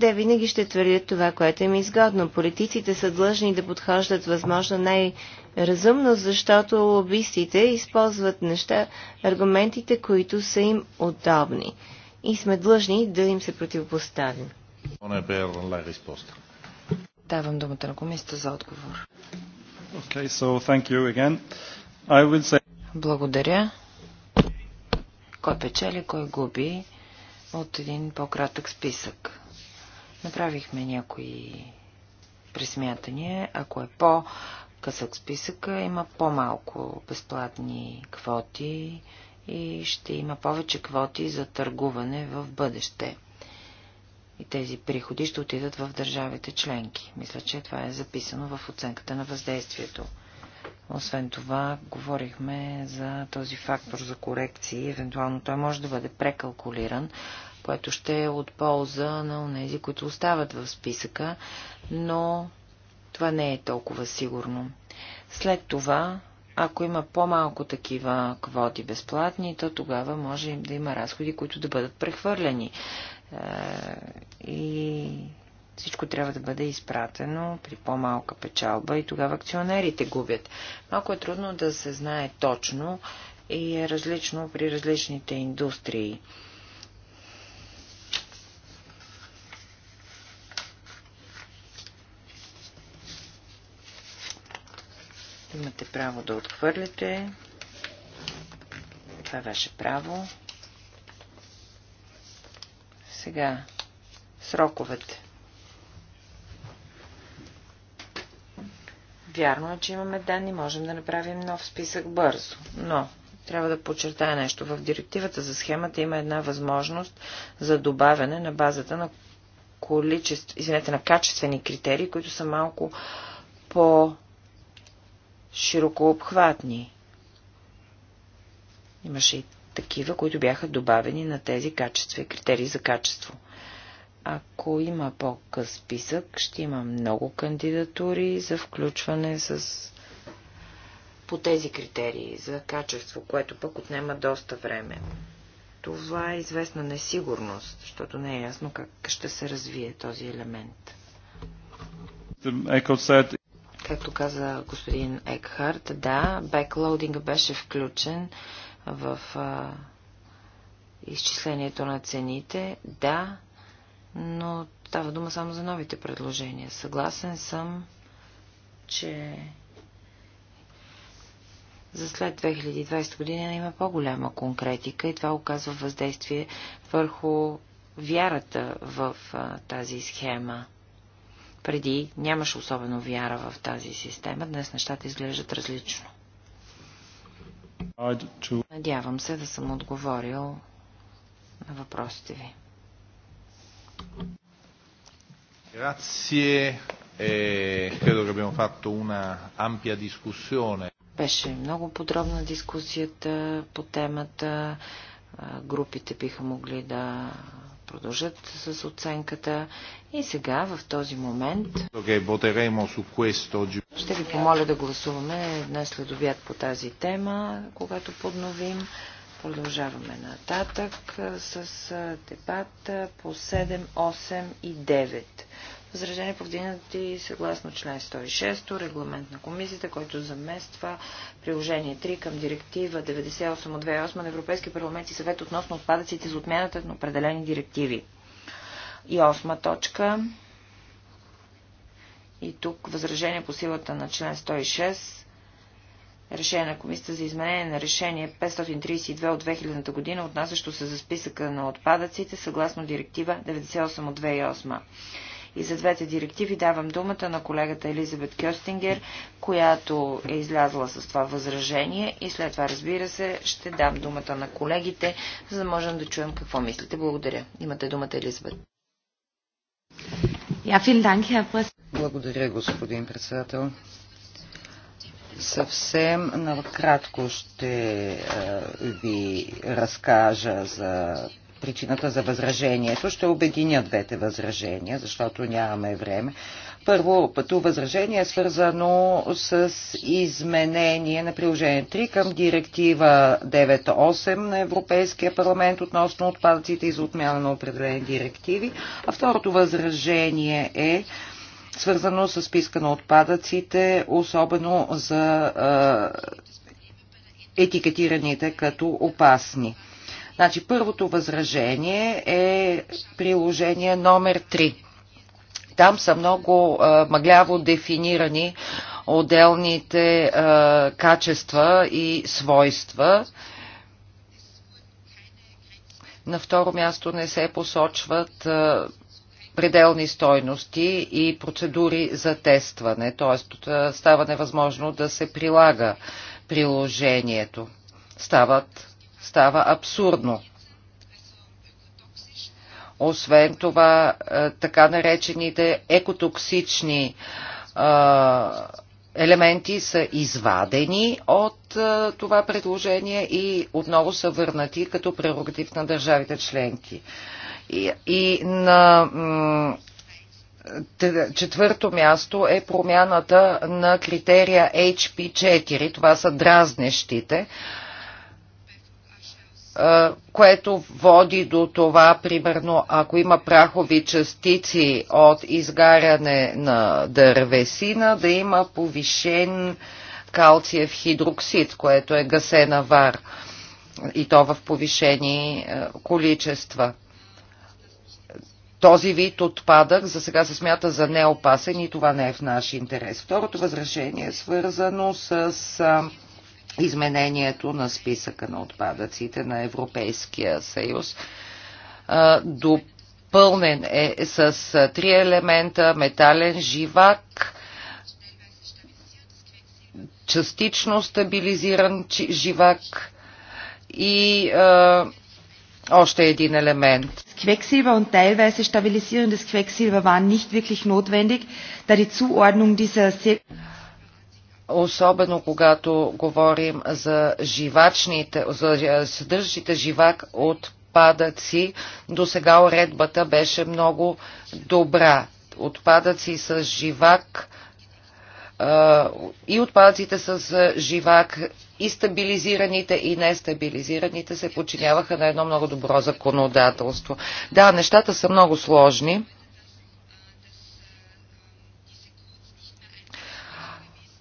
те винаги ще твърдят това, което им е изгодно. Политиците са длъжни да подхождат възможно най-разумно, защото лобистите използват неща, аргументите, които са им удобни. И сме длъжни да им се противопоставим. Давам думата на комисията за отговор. Okay, so thank you again. I will say... Благодаря. Кой печели, кой губи от един по-кратък списък. Направихме някои присмятания. Ако е по-късък списък, има по-малко безплатни квоти и ще има повече квоти за търгуване в бъдеще и тези приходи ще отидат в държавите членки. Мисля, че това е записано в оценката на въздействието. Освен това, говорихме за този фактор за корекции. Евентуално той може да бъде прекалкулиран, което ще е от полза на тези, които остават в списъка, но това не е толкова сигурно. След това, ако има по-малко такива квоти безплатни, то тогава може да има разходи, които да бъдат прехвърлени е, и всичко трябва да бъде изпратено при по-малка печалба и тогава акционерите губят. Малко е трудно да се знае точно и е различно при различните индустрии. Имате право да отхвърлите. Това е ваше право. Сега, сроковете. Вярно е, че имаме данни, можем да направим нов списък бързо, но трябва да подчертая нещо. В директивата за схемата има една възможност за добавяне на базата на, количество, извинете, на качествени критерии, които са малко по широкообхватни Имаше и такива, които бяха добавени на тези качества и критерии за качество. Ако има по-къс списък, ще има много кандидатури за включване с по тези критерии за качество, което пък отнема доста време. Това е известна несигурност, защото не е ясно как ще се развие този елемент. Както каза господин Екхарт, да, беклоудинга беше включен в а, изчислението на цените, да, но става дума само за новите предложения. Съгласен съм, че за след 2020 година има по-голяма конкретика и това оказва въздействие върху вярата в а, тази схема. Преди нямаше особено вяра в тази система, днес нещата изглеждат различно. Надявам се да съм отговорил на въпросите ви. Grazie, eh, credo che abbiamo fatto una ampia discussione. Беше много подробна дискусията по темата. Групите биха могли да продължат с оценката. И сега, в този момент, ще ви помоля да гласуваме днес след обяд по тази тема, когато подновим. Продължаваме нататък с дебата по 7, 8 и 9 възражения повдигнати съгласно член 106, регламент на комисията, който замества приложение 3 към директива 98 от 2008 на Европейския парламент и съвет относно отпадъците за отмяната на определени директиви. И осма точка. И тук възражение по силата на член 106 решение на Комисията за изменение на решение 532 от 2000 година, отнасящо се за списъка на отпадъците, съгласно директива 98 от 2008. И за двете директиви давам думата на колегата Елизабет Кьостингер, която е излязла с това възражение и след това, разбира се, ще дам думата на колегите, за да можем да чуем какво мислите. Благодаря. Имате думата, Елизабет. Благодаря, господин председател. Съвсем накратко ще ви разкажа за причината за възражението. Ще обединя двете възражения, защото нямаме време. Първо, пъто възражение е свързано с изменение на приложение 3 към директива 9.8 на Европейския парламент относно отпадъците и за отмяна на определени директиви. А второто възражение е свързано с списка на отпадъците, особено за етикетираните като опасни. Значи, първото възражение е приложение номер 3. Там са много а, мъгляво дефинирани отделните а, качества и свойства. На второ място не се посочват а, пределни стойности и процедури за тестване, т.е. става невъзможно да се прилага приложението. Стават става абсурдно. Освен това, е, така наречените екотоксични е, елементи са извадени от е, това предложение и отново са върнати като прерогатив на държавите членки. И, на четвърто място е промяната на критерия HP4. Това са дразнещите. Е, което води до това, примерно, ако има прахови частици от изгаряне на дървесина, да има повишен калциев хидроксид, което е гасена вар и то в повишени е, количества. Този вид отпадък за сега се смята за неопасен и това не е в наш интерес. Второто възражение е свързано с изменението на списъка на отпадъците на Европейския съюз. Допълнен е с три елемента метален живак, частично стабилизиран живак и а, още един елемент. Quecksilber und teilweise стабилизиран Quecksilber waren nicht wirklich notwendig, da die Zuordnung dieser особено когато говорим за живачните, за съдържащите живак отпадъци. До сега уредбата беше много добра. Отпадъци с живак и отпадъците с живак и стабилизираните и нестабилизираните се подчиняваха на едно много добро законодателство. Да, нещата са много сложни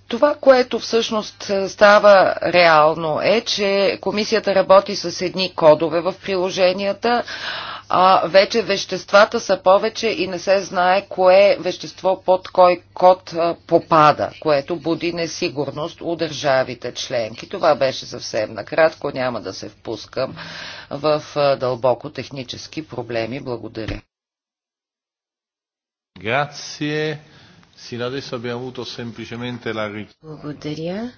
Това, което всъщност е, става реално е, че комисията работи с едни кодове в приложенията, а вече веществата са повече и не се знае кое вещество под кой код е, попада, което буди несигурност у държавите членки. Това беше съвсем накратко, няма да се впускам в е, дълбоко технически проблеми. Благодаря. Grazie. Sino adesso abbiamo avuto semplicemente la Благодаря.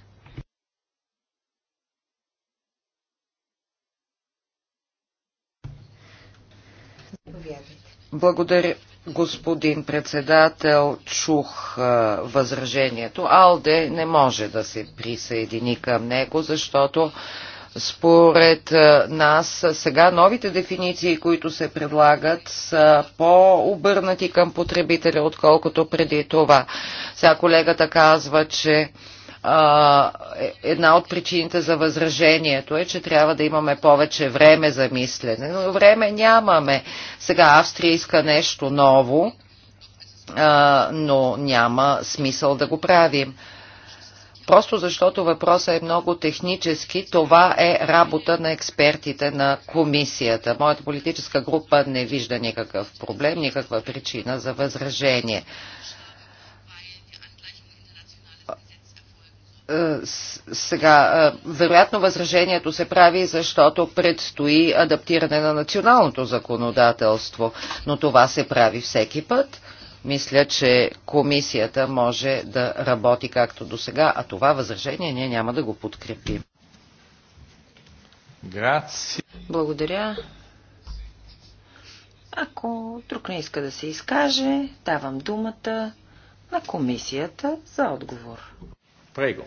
Благодаря, господин председател. Чух а, възражението. Алде не може да се присъедини към него, защото а, според е, нас сега новите дефиниции, които се предлагат, са по-обърнати към потребителя, отколкото преди това. Сега колегата казва, че а, е, една от причините за възражението е, че трябва да имаме повече време за мислене. Но време нямаме. Сега Австрия иска нещо ново, а, но няма смисъл да го правим. Просто защото въпросът е много технически, това е работа на експертите на комисията. Моята политическа група не вижда никакъв проблем, никаква причина за възражение. сега, вероятно възражението се прави, защото предстои адаптиране на националното законодателство, но това се прави всеки път. Мисля, че комисията може да работи както до сега, а това възражение ние няма да го подкрепим. Граци. Благодаря. Ако друг не иска да се изкаже, давам думата на комисията за отговор. Прего.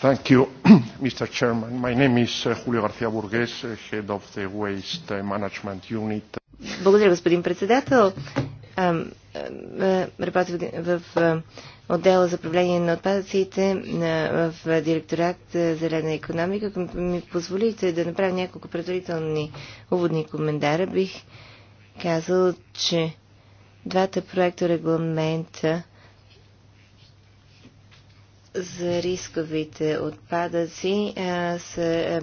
Thank you, [CLEARS THROAT] Mr. Chairman. My name is uh, Julio García Burgues, uh, head of the Waste uh, Management Unit. Благодаря, господин председател. Работя в отдела за управление на отпадъците в директорат е, Зелена економика. Ако ми позволите да направя няколко предварителни уводни коментара, бих казал, че двата проекта регламента за рисковите отпадъци с са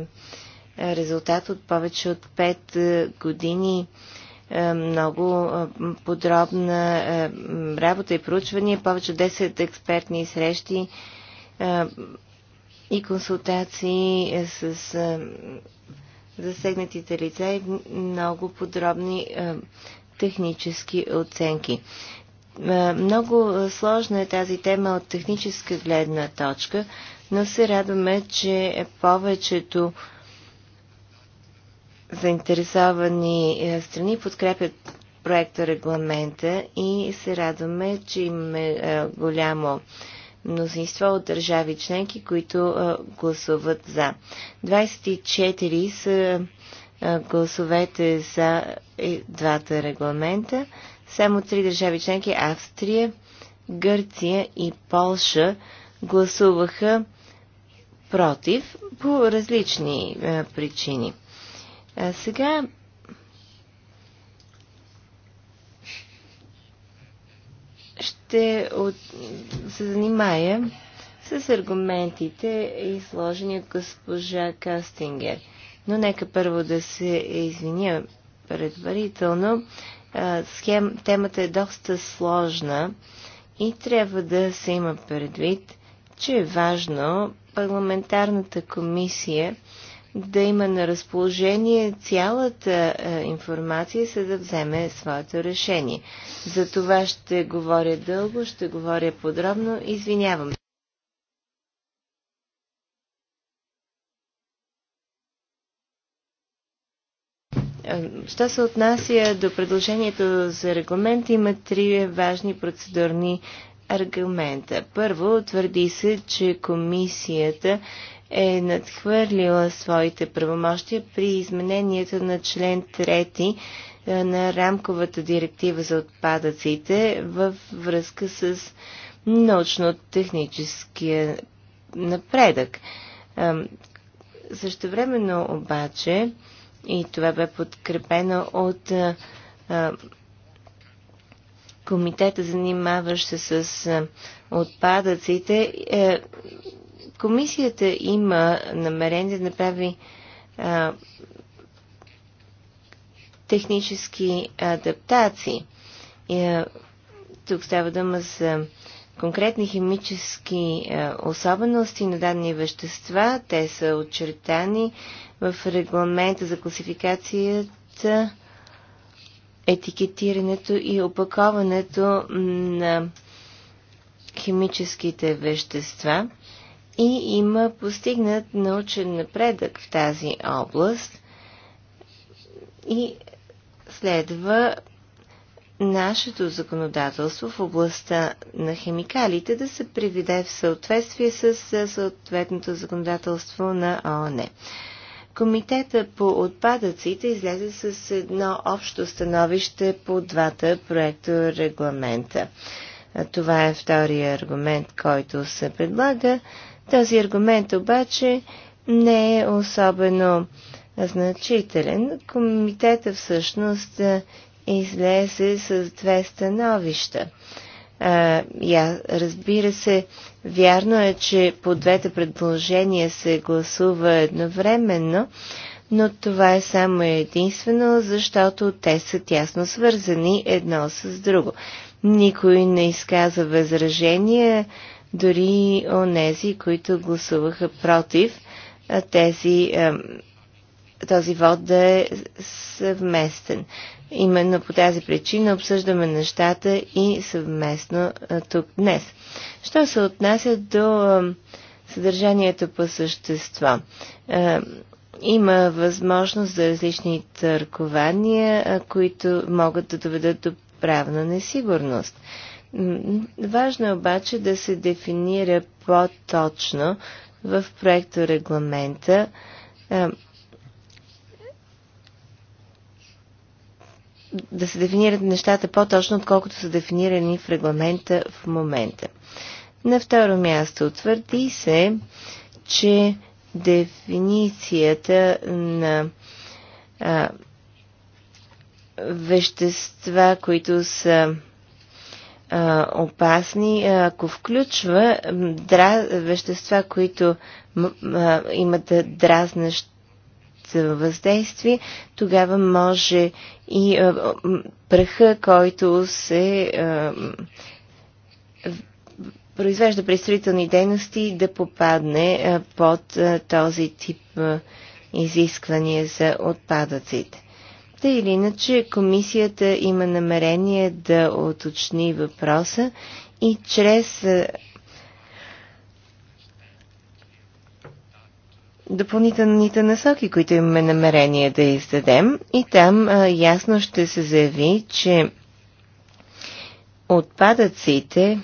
резултат от повече от 5 години много подробна работа и проучвания, повече от 10 експертни срещи и консултации с засегнатите лица и много подробни технически оценки. Е, много сложна е тази тема от техническа гледна точка, но се радваме, че повечето заинтересовани е, страни подкрепят проекта регламента и се радваме, че имаме е, голямо мнозинство от държави членки, които гласуват за. 24 са гласовете за двата регламента. Само три държави членки Австрия, Гърция и Полша гласуваха против по различни а, е, причини. А сега ще от... се занимая с аргументите, изложени от госпожа Кастингер. Но нека първо да се извиня предварително схем, темата е доста сложна и трябва да се има предвид, че е важно парламентарната комисия да има на разположение цялата информация, за да вземе своето решение. За това ще говоря дълго, ще говоря подробно. Извинявам. Що се отнася до предложението за регламент, има три важни процедурни аргумента. Първо, твърди се, че комисията е надхвърлила своите правомощия при изменението на член 3 е, на рамковата директива за отпадъците във връзка с научно-техническия напредък. Същевременно обаче и това бе подкрепено от а, а, комитета, занимаващ се с а, отпадъците. А, е, комисията има намерение да направи а, технически адаптации. а, е, тук става дума за конкретни химически а, е, особености на данни вещества. Те са очертани в регламента за класификацията, етикетирането и опаковането на химическите вещества и има постигнат научен напредък в тази област и следва нашето законодателство в областта на химикалите да се приведе в съответствие с съответното законодателство на ООН. Комитета по отпадъците излезе с едно общо становище по двата проекта регламента. Това е втория аргумент, който се предлага. Този аргумент обаче не е особено значителен. Комитета всъщност излезе с две становища. я, разбира се, Вярно е, че по двете предложения се гласува едновременно, но това е само единствено, защото те са тясно свързани едно с друго. Никой не изказа възражения, дори онези, които гласуваха против тези, този вод да е съвместен. Именно по тази причина обсъждаме нещата и съвместно тук днес. Що се отнася до съдържанието по същество? Има възможност за различни търкования, които могат да доведат до правна несигурност. Важно е обаче да се дефинира по-точно в проекто регламента да се дефинират нещата по-точно, отколкото са дефинирани в регламента в момента. На второ място твърди се, че дефиницията на а, вещества, които са а, опасни, ако включва дра... вещества, които а, имат дразнащ въздействие, тогава може и а, пръха, който се а, произвежда при строителни дейности, да попадне а, под а, този тип а, изисквания за отпадъците. Та или иначе, комисията има намерение да оточни въпроса и чрез допълнителните насоки, които имаме намерение да издадем. И там а, ясно ще се заяви, че отпадъците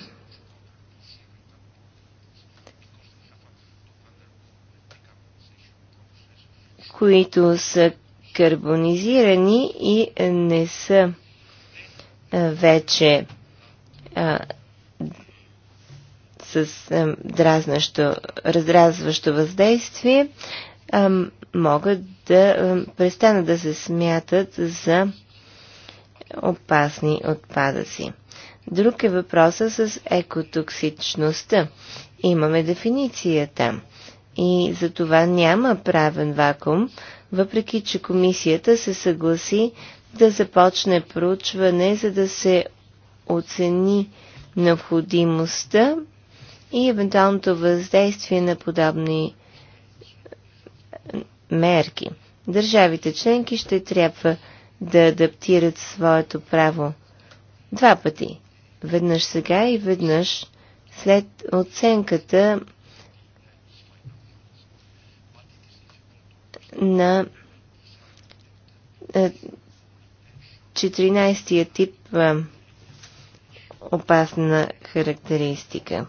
които са карбонизирани и не са вече а, с дразнащо, раздразващо въздействие, могат да престанат да се смятат за опасни отпадъци. Друг е въпроса с екотоксичността. Имаме дефиниция там. И за това няма правен вакуум, въпреки че комисията се съгласи да започне проучване, за да се оцени необходимостта и евентуалното въздействие на подобни мерки. Държавите членки ще трябва да адаптират своето право два пъти. Веднъж сега и веднъж след оценката на 14-я е, тип е, опасна характеристика.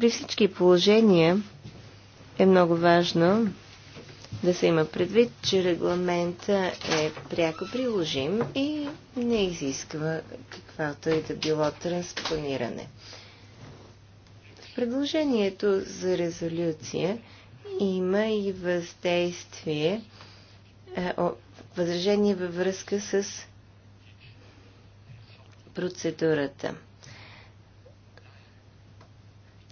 При всички положения е много важно да се има предвид, че регламента е пряко приложим и не изисква каквато и да било транспониране. В предложението за резолюция има и въздействие, възражение във връзка с процедурата.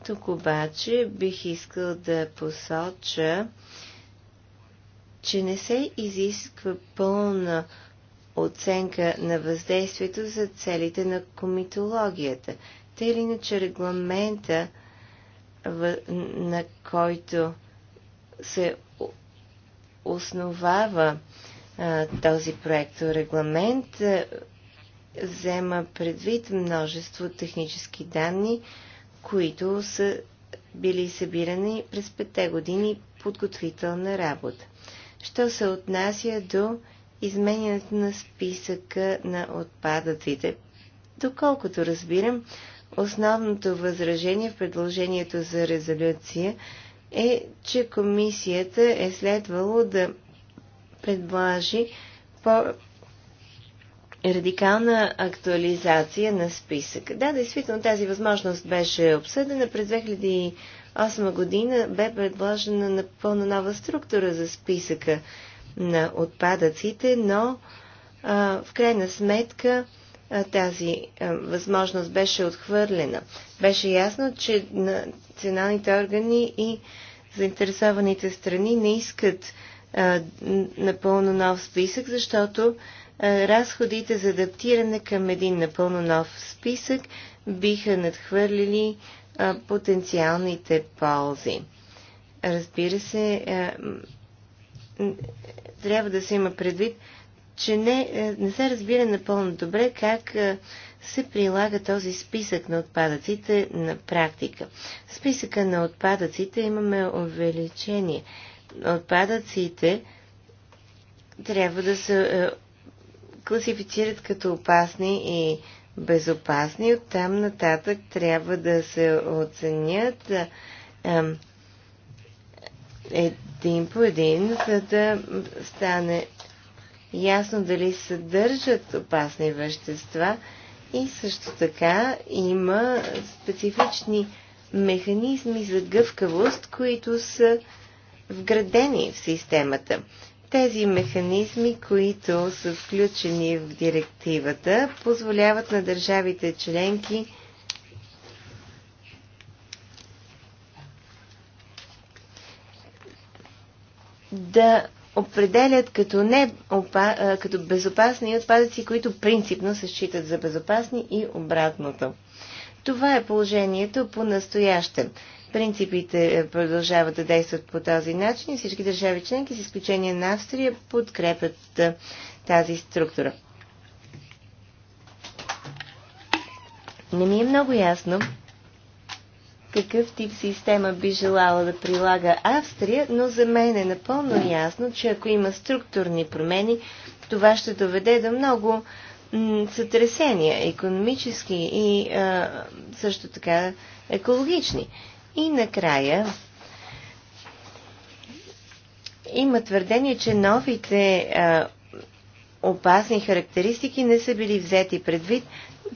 Тук обаче бих искал да посоча, че не се изисква пълна оценка на въздействието за целите на комитологията. те или иначе регламента, на който се основава този проект регламент, е, взема предвид множество технически данни, които са били събирани през петте години подготвителна работа. Що се отнася до изменянето на списъка на отпадъците? Доколкото разбирам, основното възражение в предложението за резолюция е, че комисията е следвало да предложи по радикална актуализация на списък. Да, действително тази възможност беше обсъдена през 2008 година бе предложена напълно нова структура за списъка на отпадъците, но а, в крайна сметка а, тази а, възможност беше отхвърлена. Беше ясно, че националните органи и заинтересованите страни не искат а, напълно нов списък, защото а, е, разходите за адаптиране към един напълно нов списък биха надхвърлили е, потенциалните ползи. Разбира се, е, трябва да се има предвид, че не, не се разбира напълно добре как се прилага този списък на отпадъците на практика. В списъка на отпадъците имаме увеличение. Отпадъците трябва да са класифицират като опасни и безопасни. Оттам нататък трябва да се оценят един по един, за да стане ясно дали съдържат опасни вещества и също така има специфични механизми за гъвкавост, които са вградени в системата. Тези механизми, които са включени в директивата, позволяват на държавите членки да определят като, не, опа, като безопасни отпадъци, които принципно се считат за безопасни и обратното. Това е положението по настоящем. Принципите е, продължават да действат по този начин и всички държави членки, с изключение на Австрия, подкрепят е, тази структура. Не ми е много ясно какъв тип система би желала да прилага Австрия, но за мен е напълно ясно, че ако има структурни промени, това ще доведе до много сътресения, економически и а, също така екологични. И накрая има твърдение, че новите а, опасни характеристики не са били взети предвид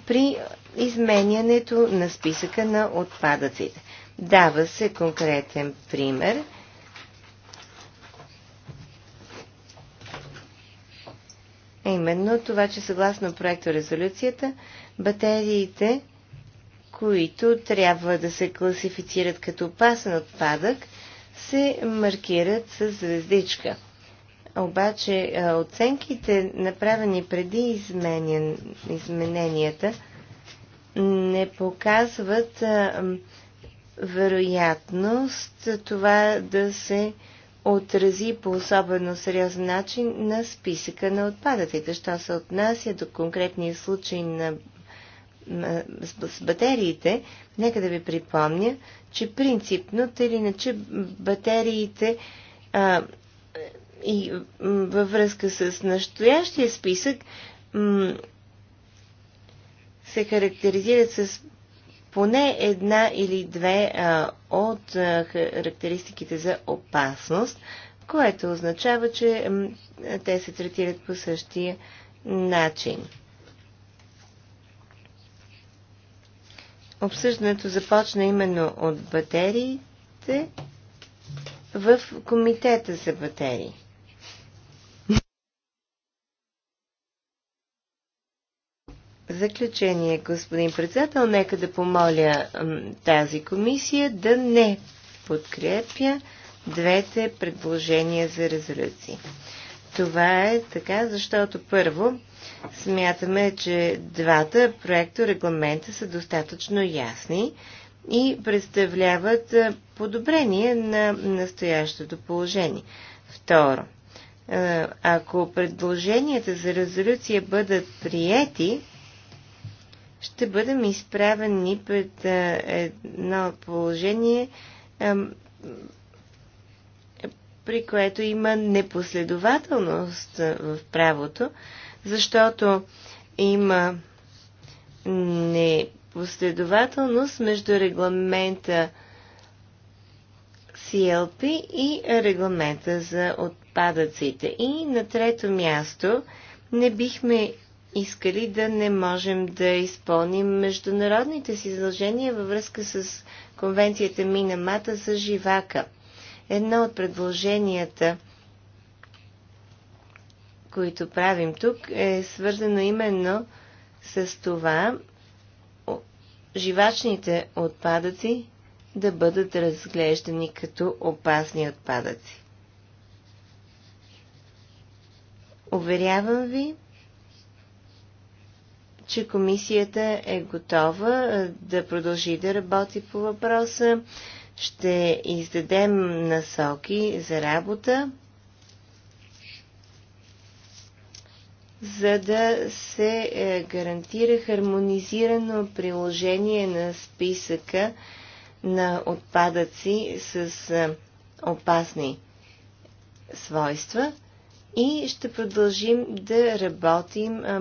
при изменянето на списъка на отпадъците. Дава се конкретен пример. Именно това, че съгласно проекта резолюцията, батериите които трябва да се класифицират като опасен отпадък, се маркират с звездичка. Обаче оценките, направени преди измененията, не показват вероятност това да се отрази по особено сериозен начин на списъка на отпадъците. Що се отнася до конкретния случай на с батериите, нека да ви припомня, че принципно, тъй или иначе, батериите а, и във връзка с настоящия списък се характеризират с поне една или две а, от а, характеристиките за опасност, което означава, че м, те се третират по същия начин. Обсъждането започна именно от батериите в комитета за батерии. заключение, господин председател, нека да помоля тази комисия да не подкрепя двете предложения за резолюции. Това е така, защото първо смятаме, че двата проекта регламента са достатъчно ясни и представляват подобрение на настоящото положение. Второ, ако предложенията за резолюция бъдат приети, ще бъдем изправени пред едно положение, при което има непоследователност в правото, защото има непоследователност между регламента CLP и регламента за отпадъците. И на трето място не бихме искали да не можем да изпълним международните си задължения във връзка с конвенцията Минамата за живака – Едно от предложенията, които правим тук, е свързано именно с това живачните отпадъци да бъдат разглеждани като опасни отпадъци. Уверявам ви, че комисията е готова да продължи да работи по въпроса ще издадем насоки за работа, за да се е, гарантира хармонизирано приложение на списъка на отпадъци с е, опасни свойства и ще продължим да работим е,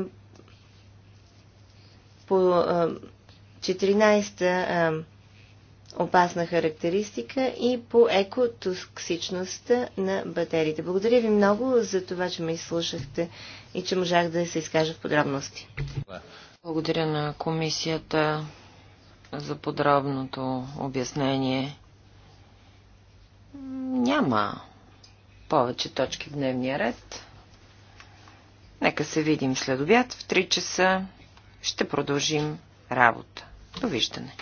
по 14-та опасна характеристика и по екотоксичността на батериите. Благодаря ви много за това, че ме изслушахте и че можах да се изкажа в подробности. Благодаря на комисията за подробното обяснение. Няма повече точки в дневния ред. Нека се видим след обяд в 3 часа. Ще продължим работа. Довиждане!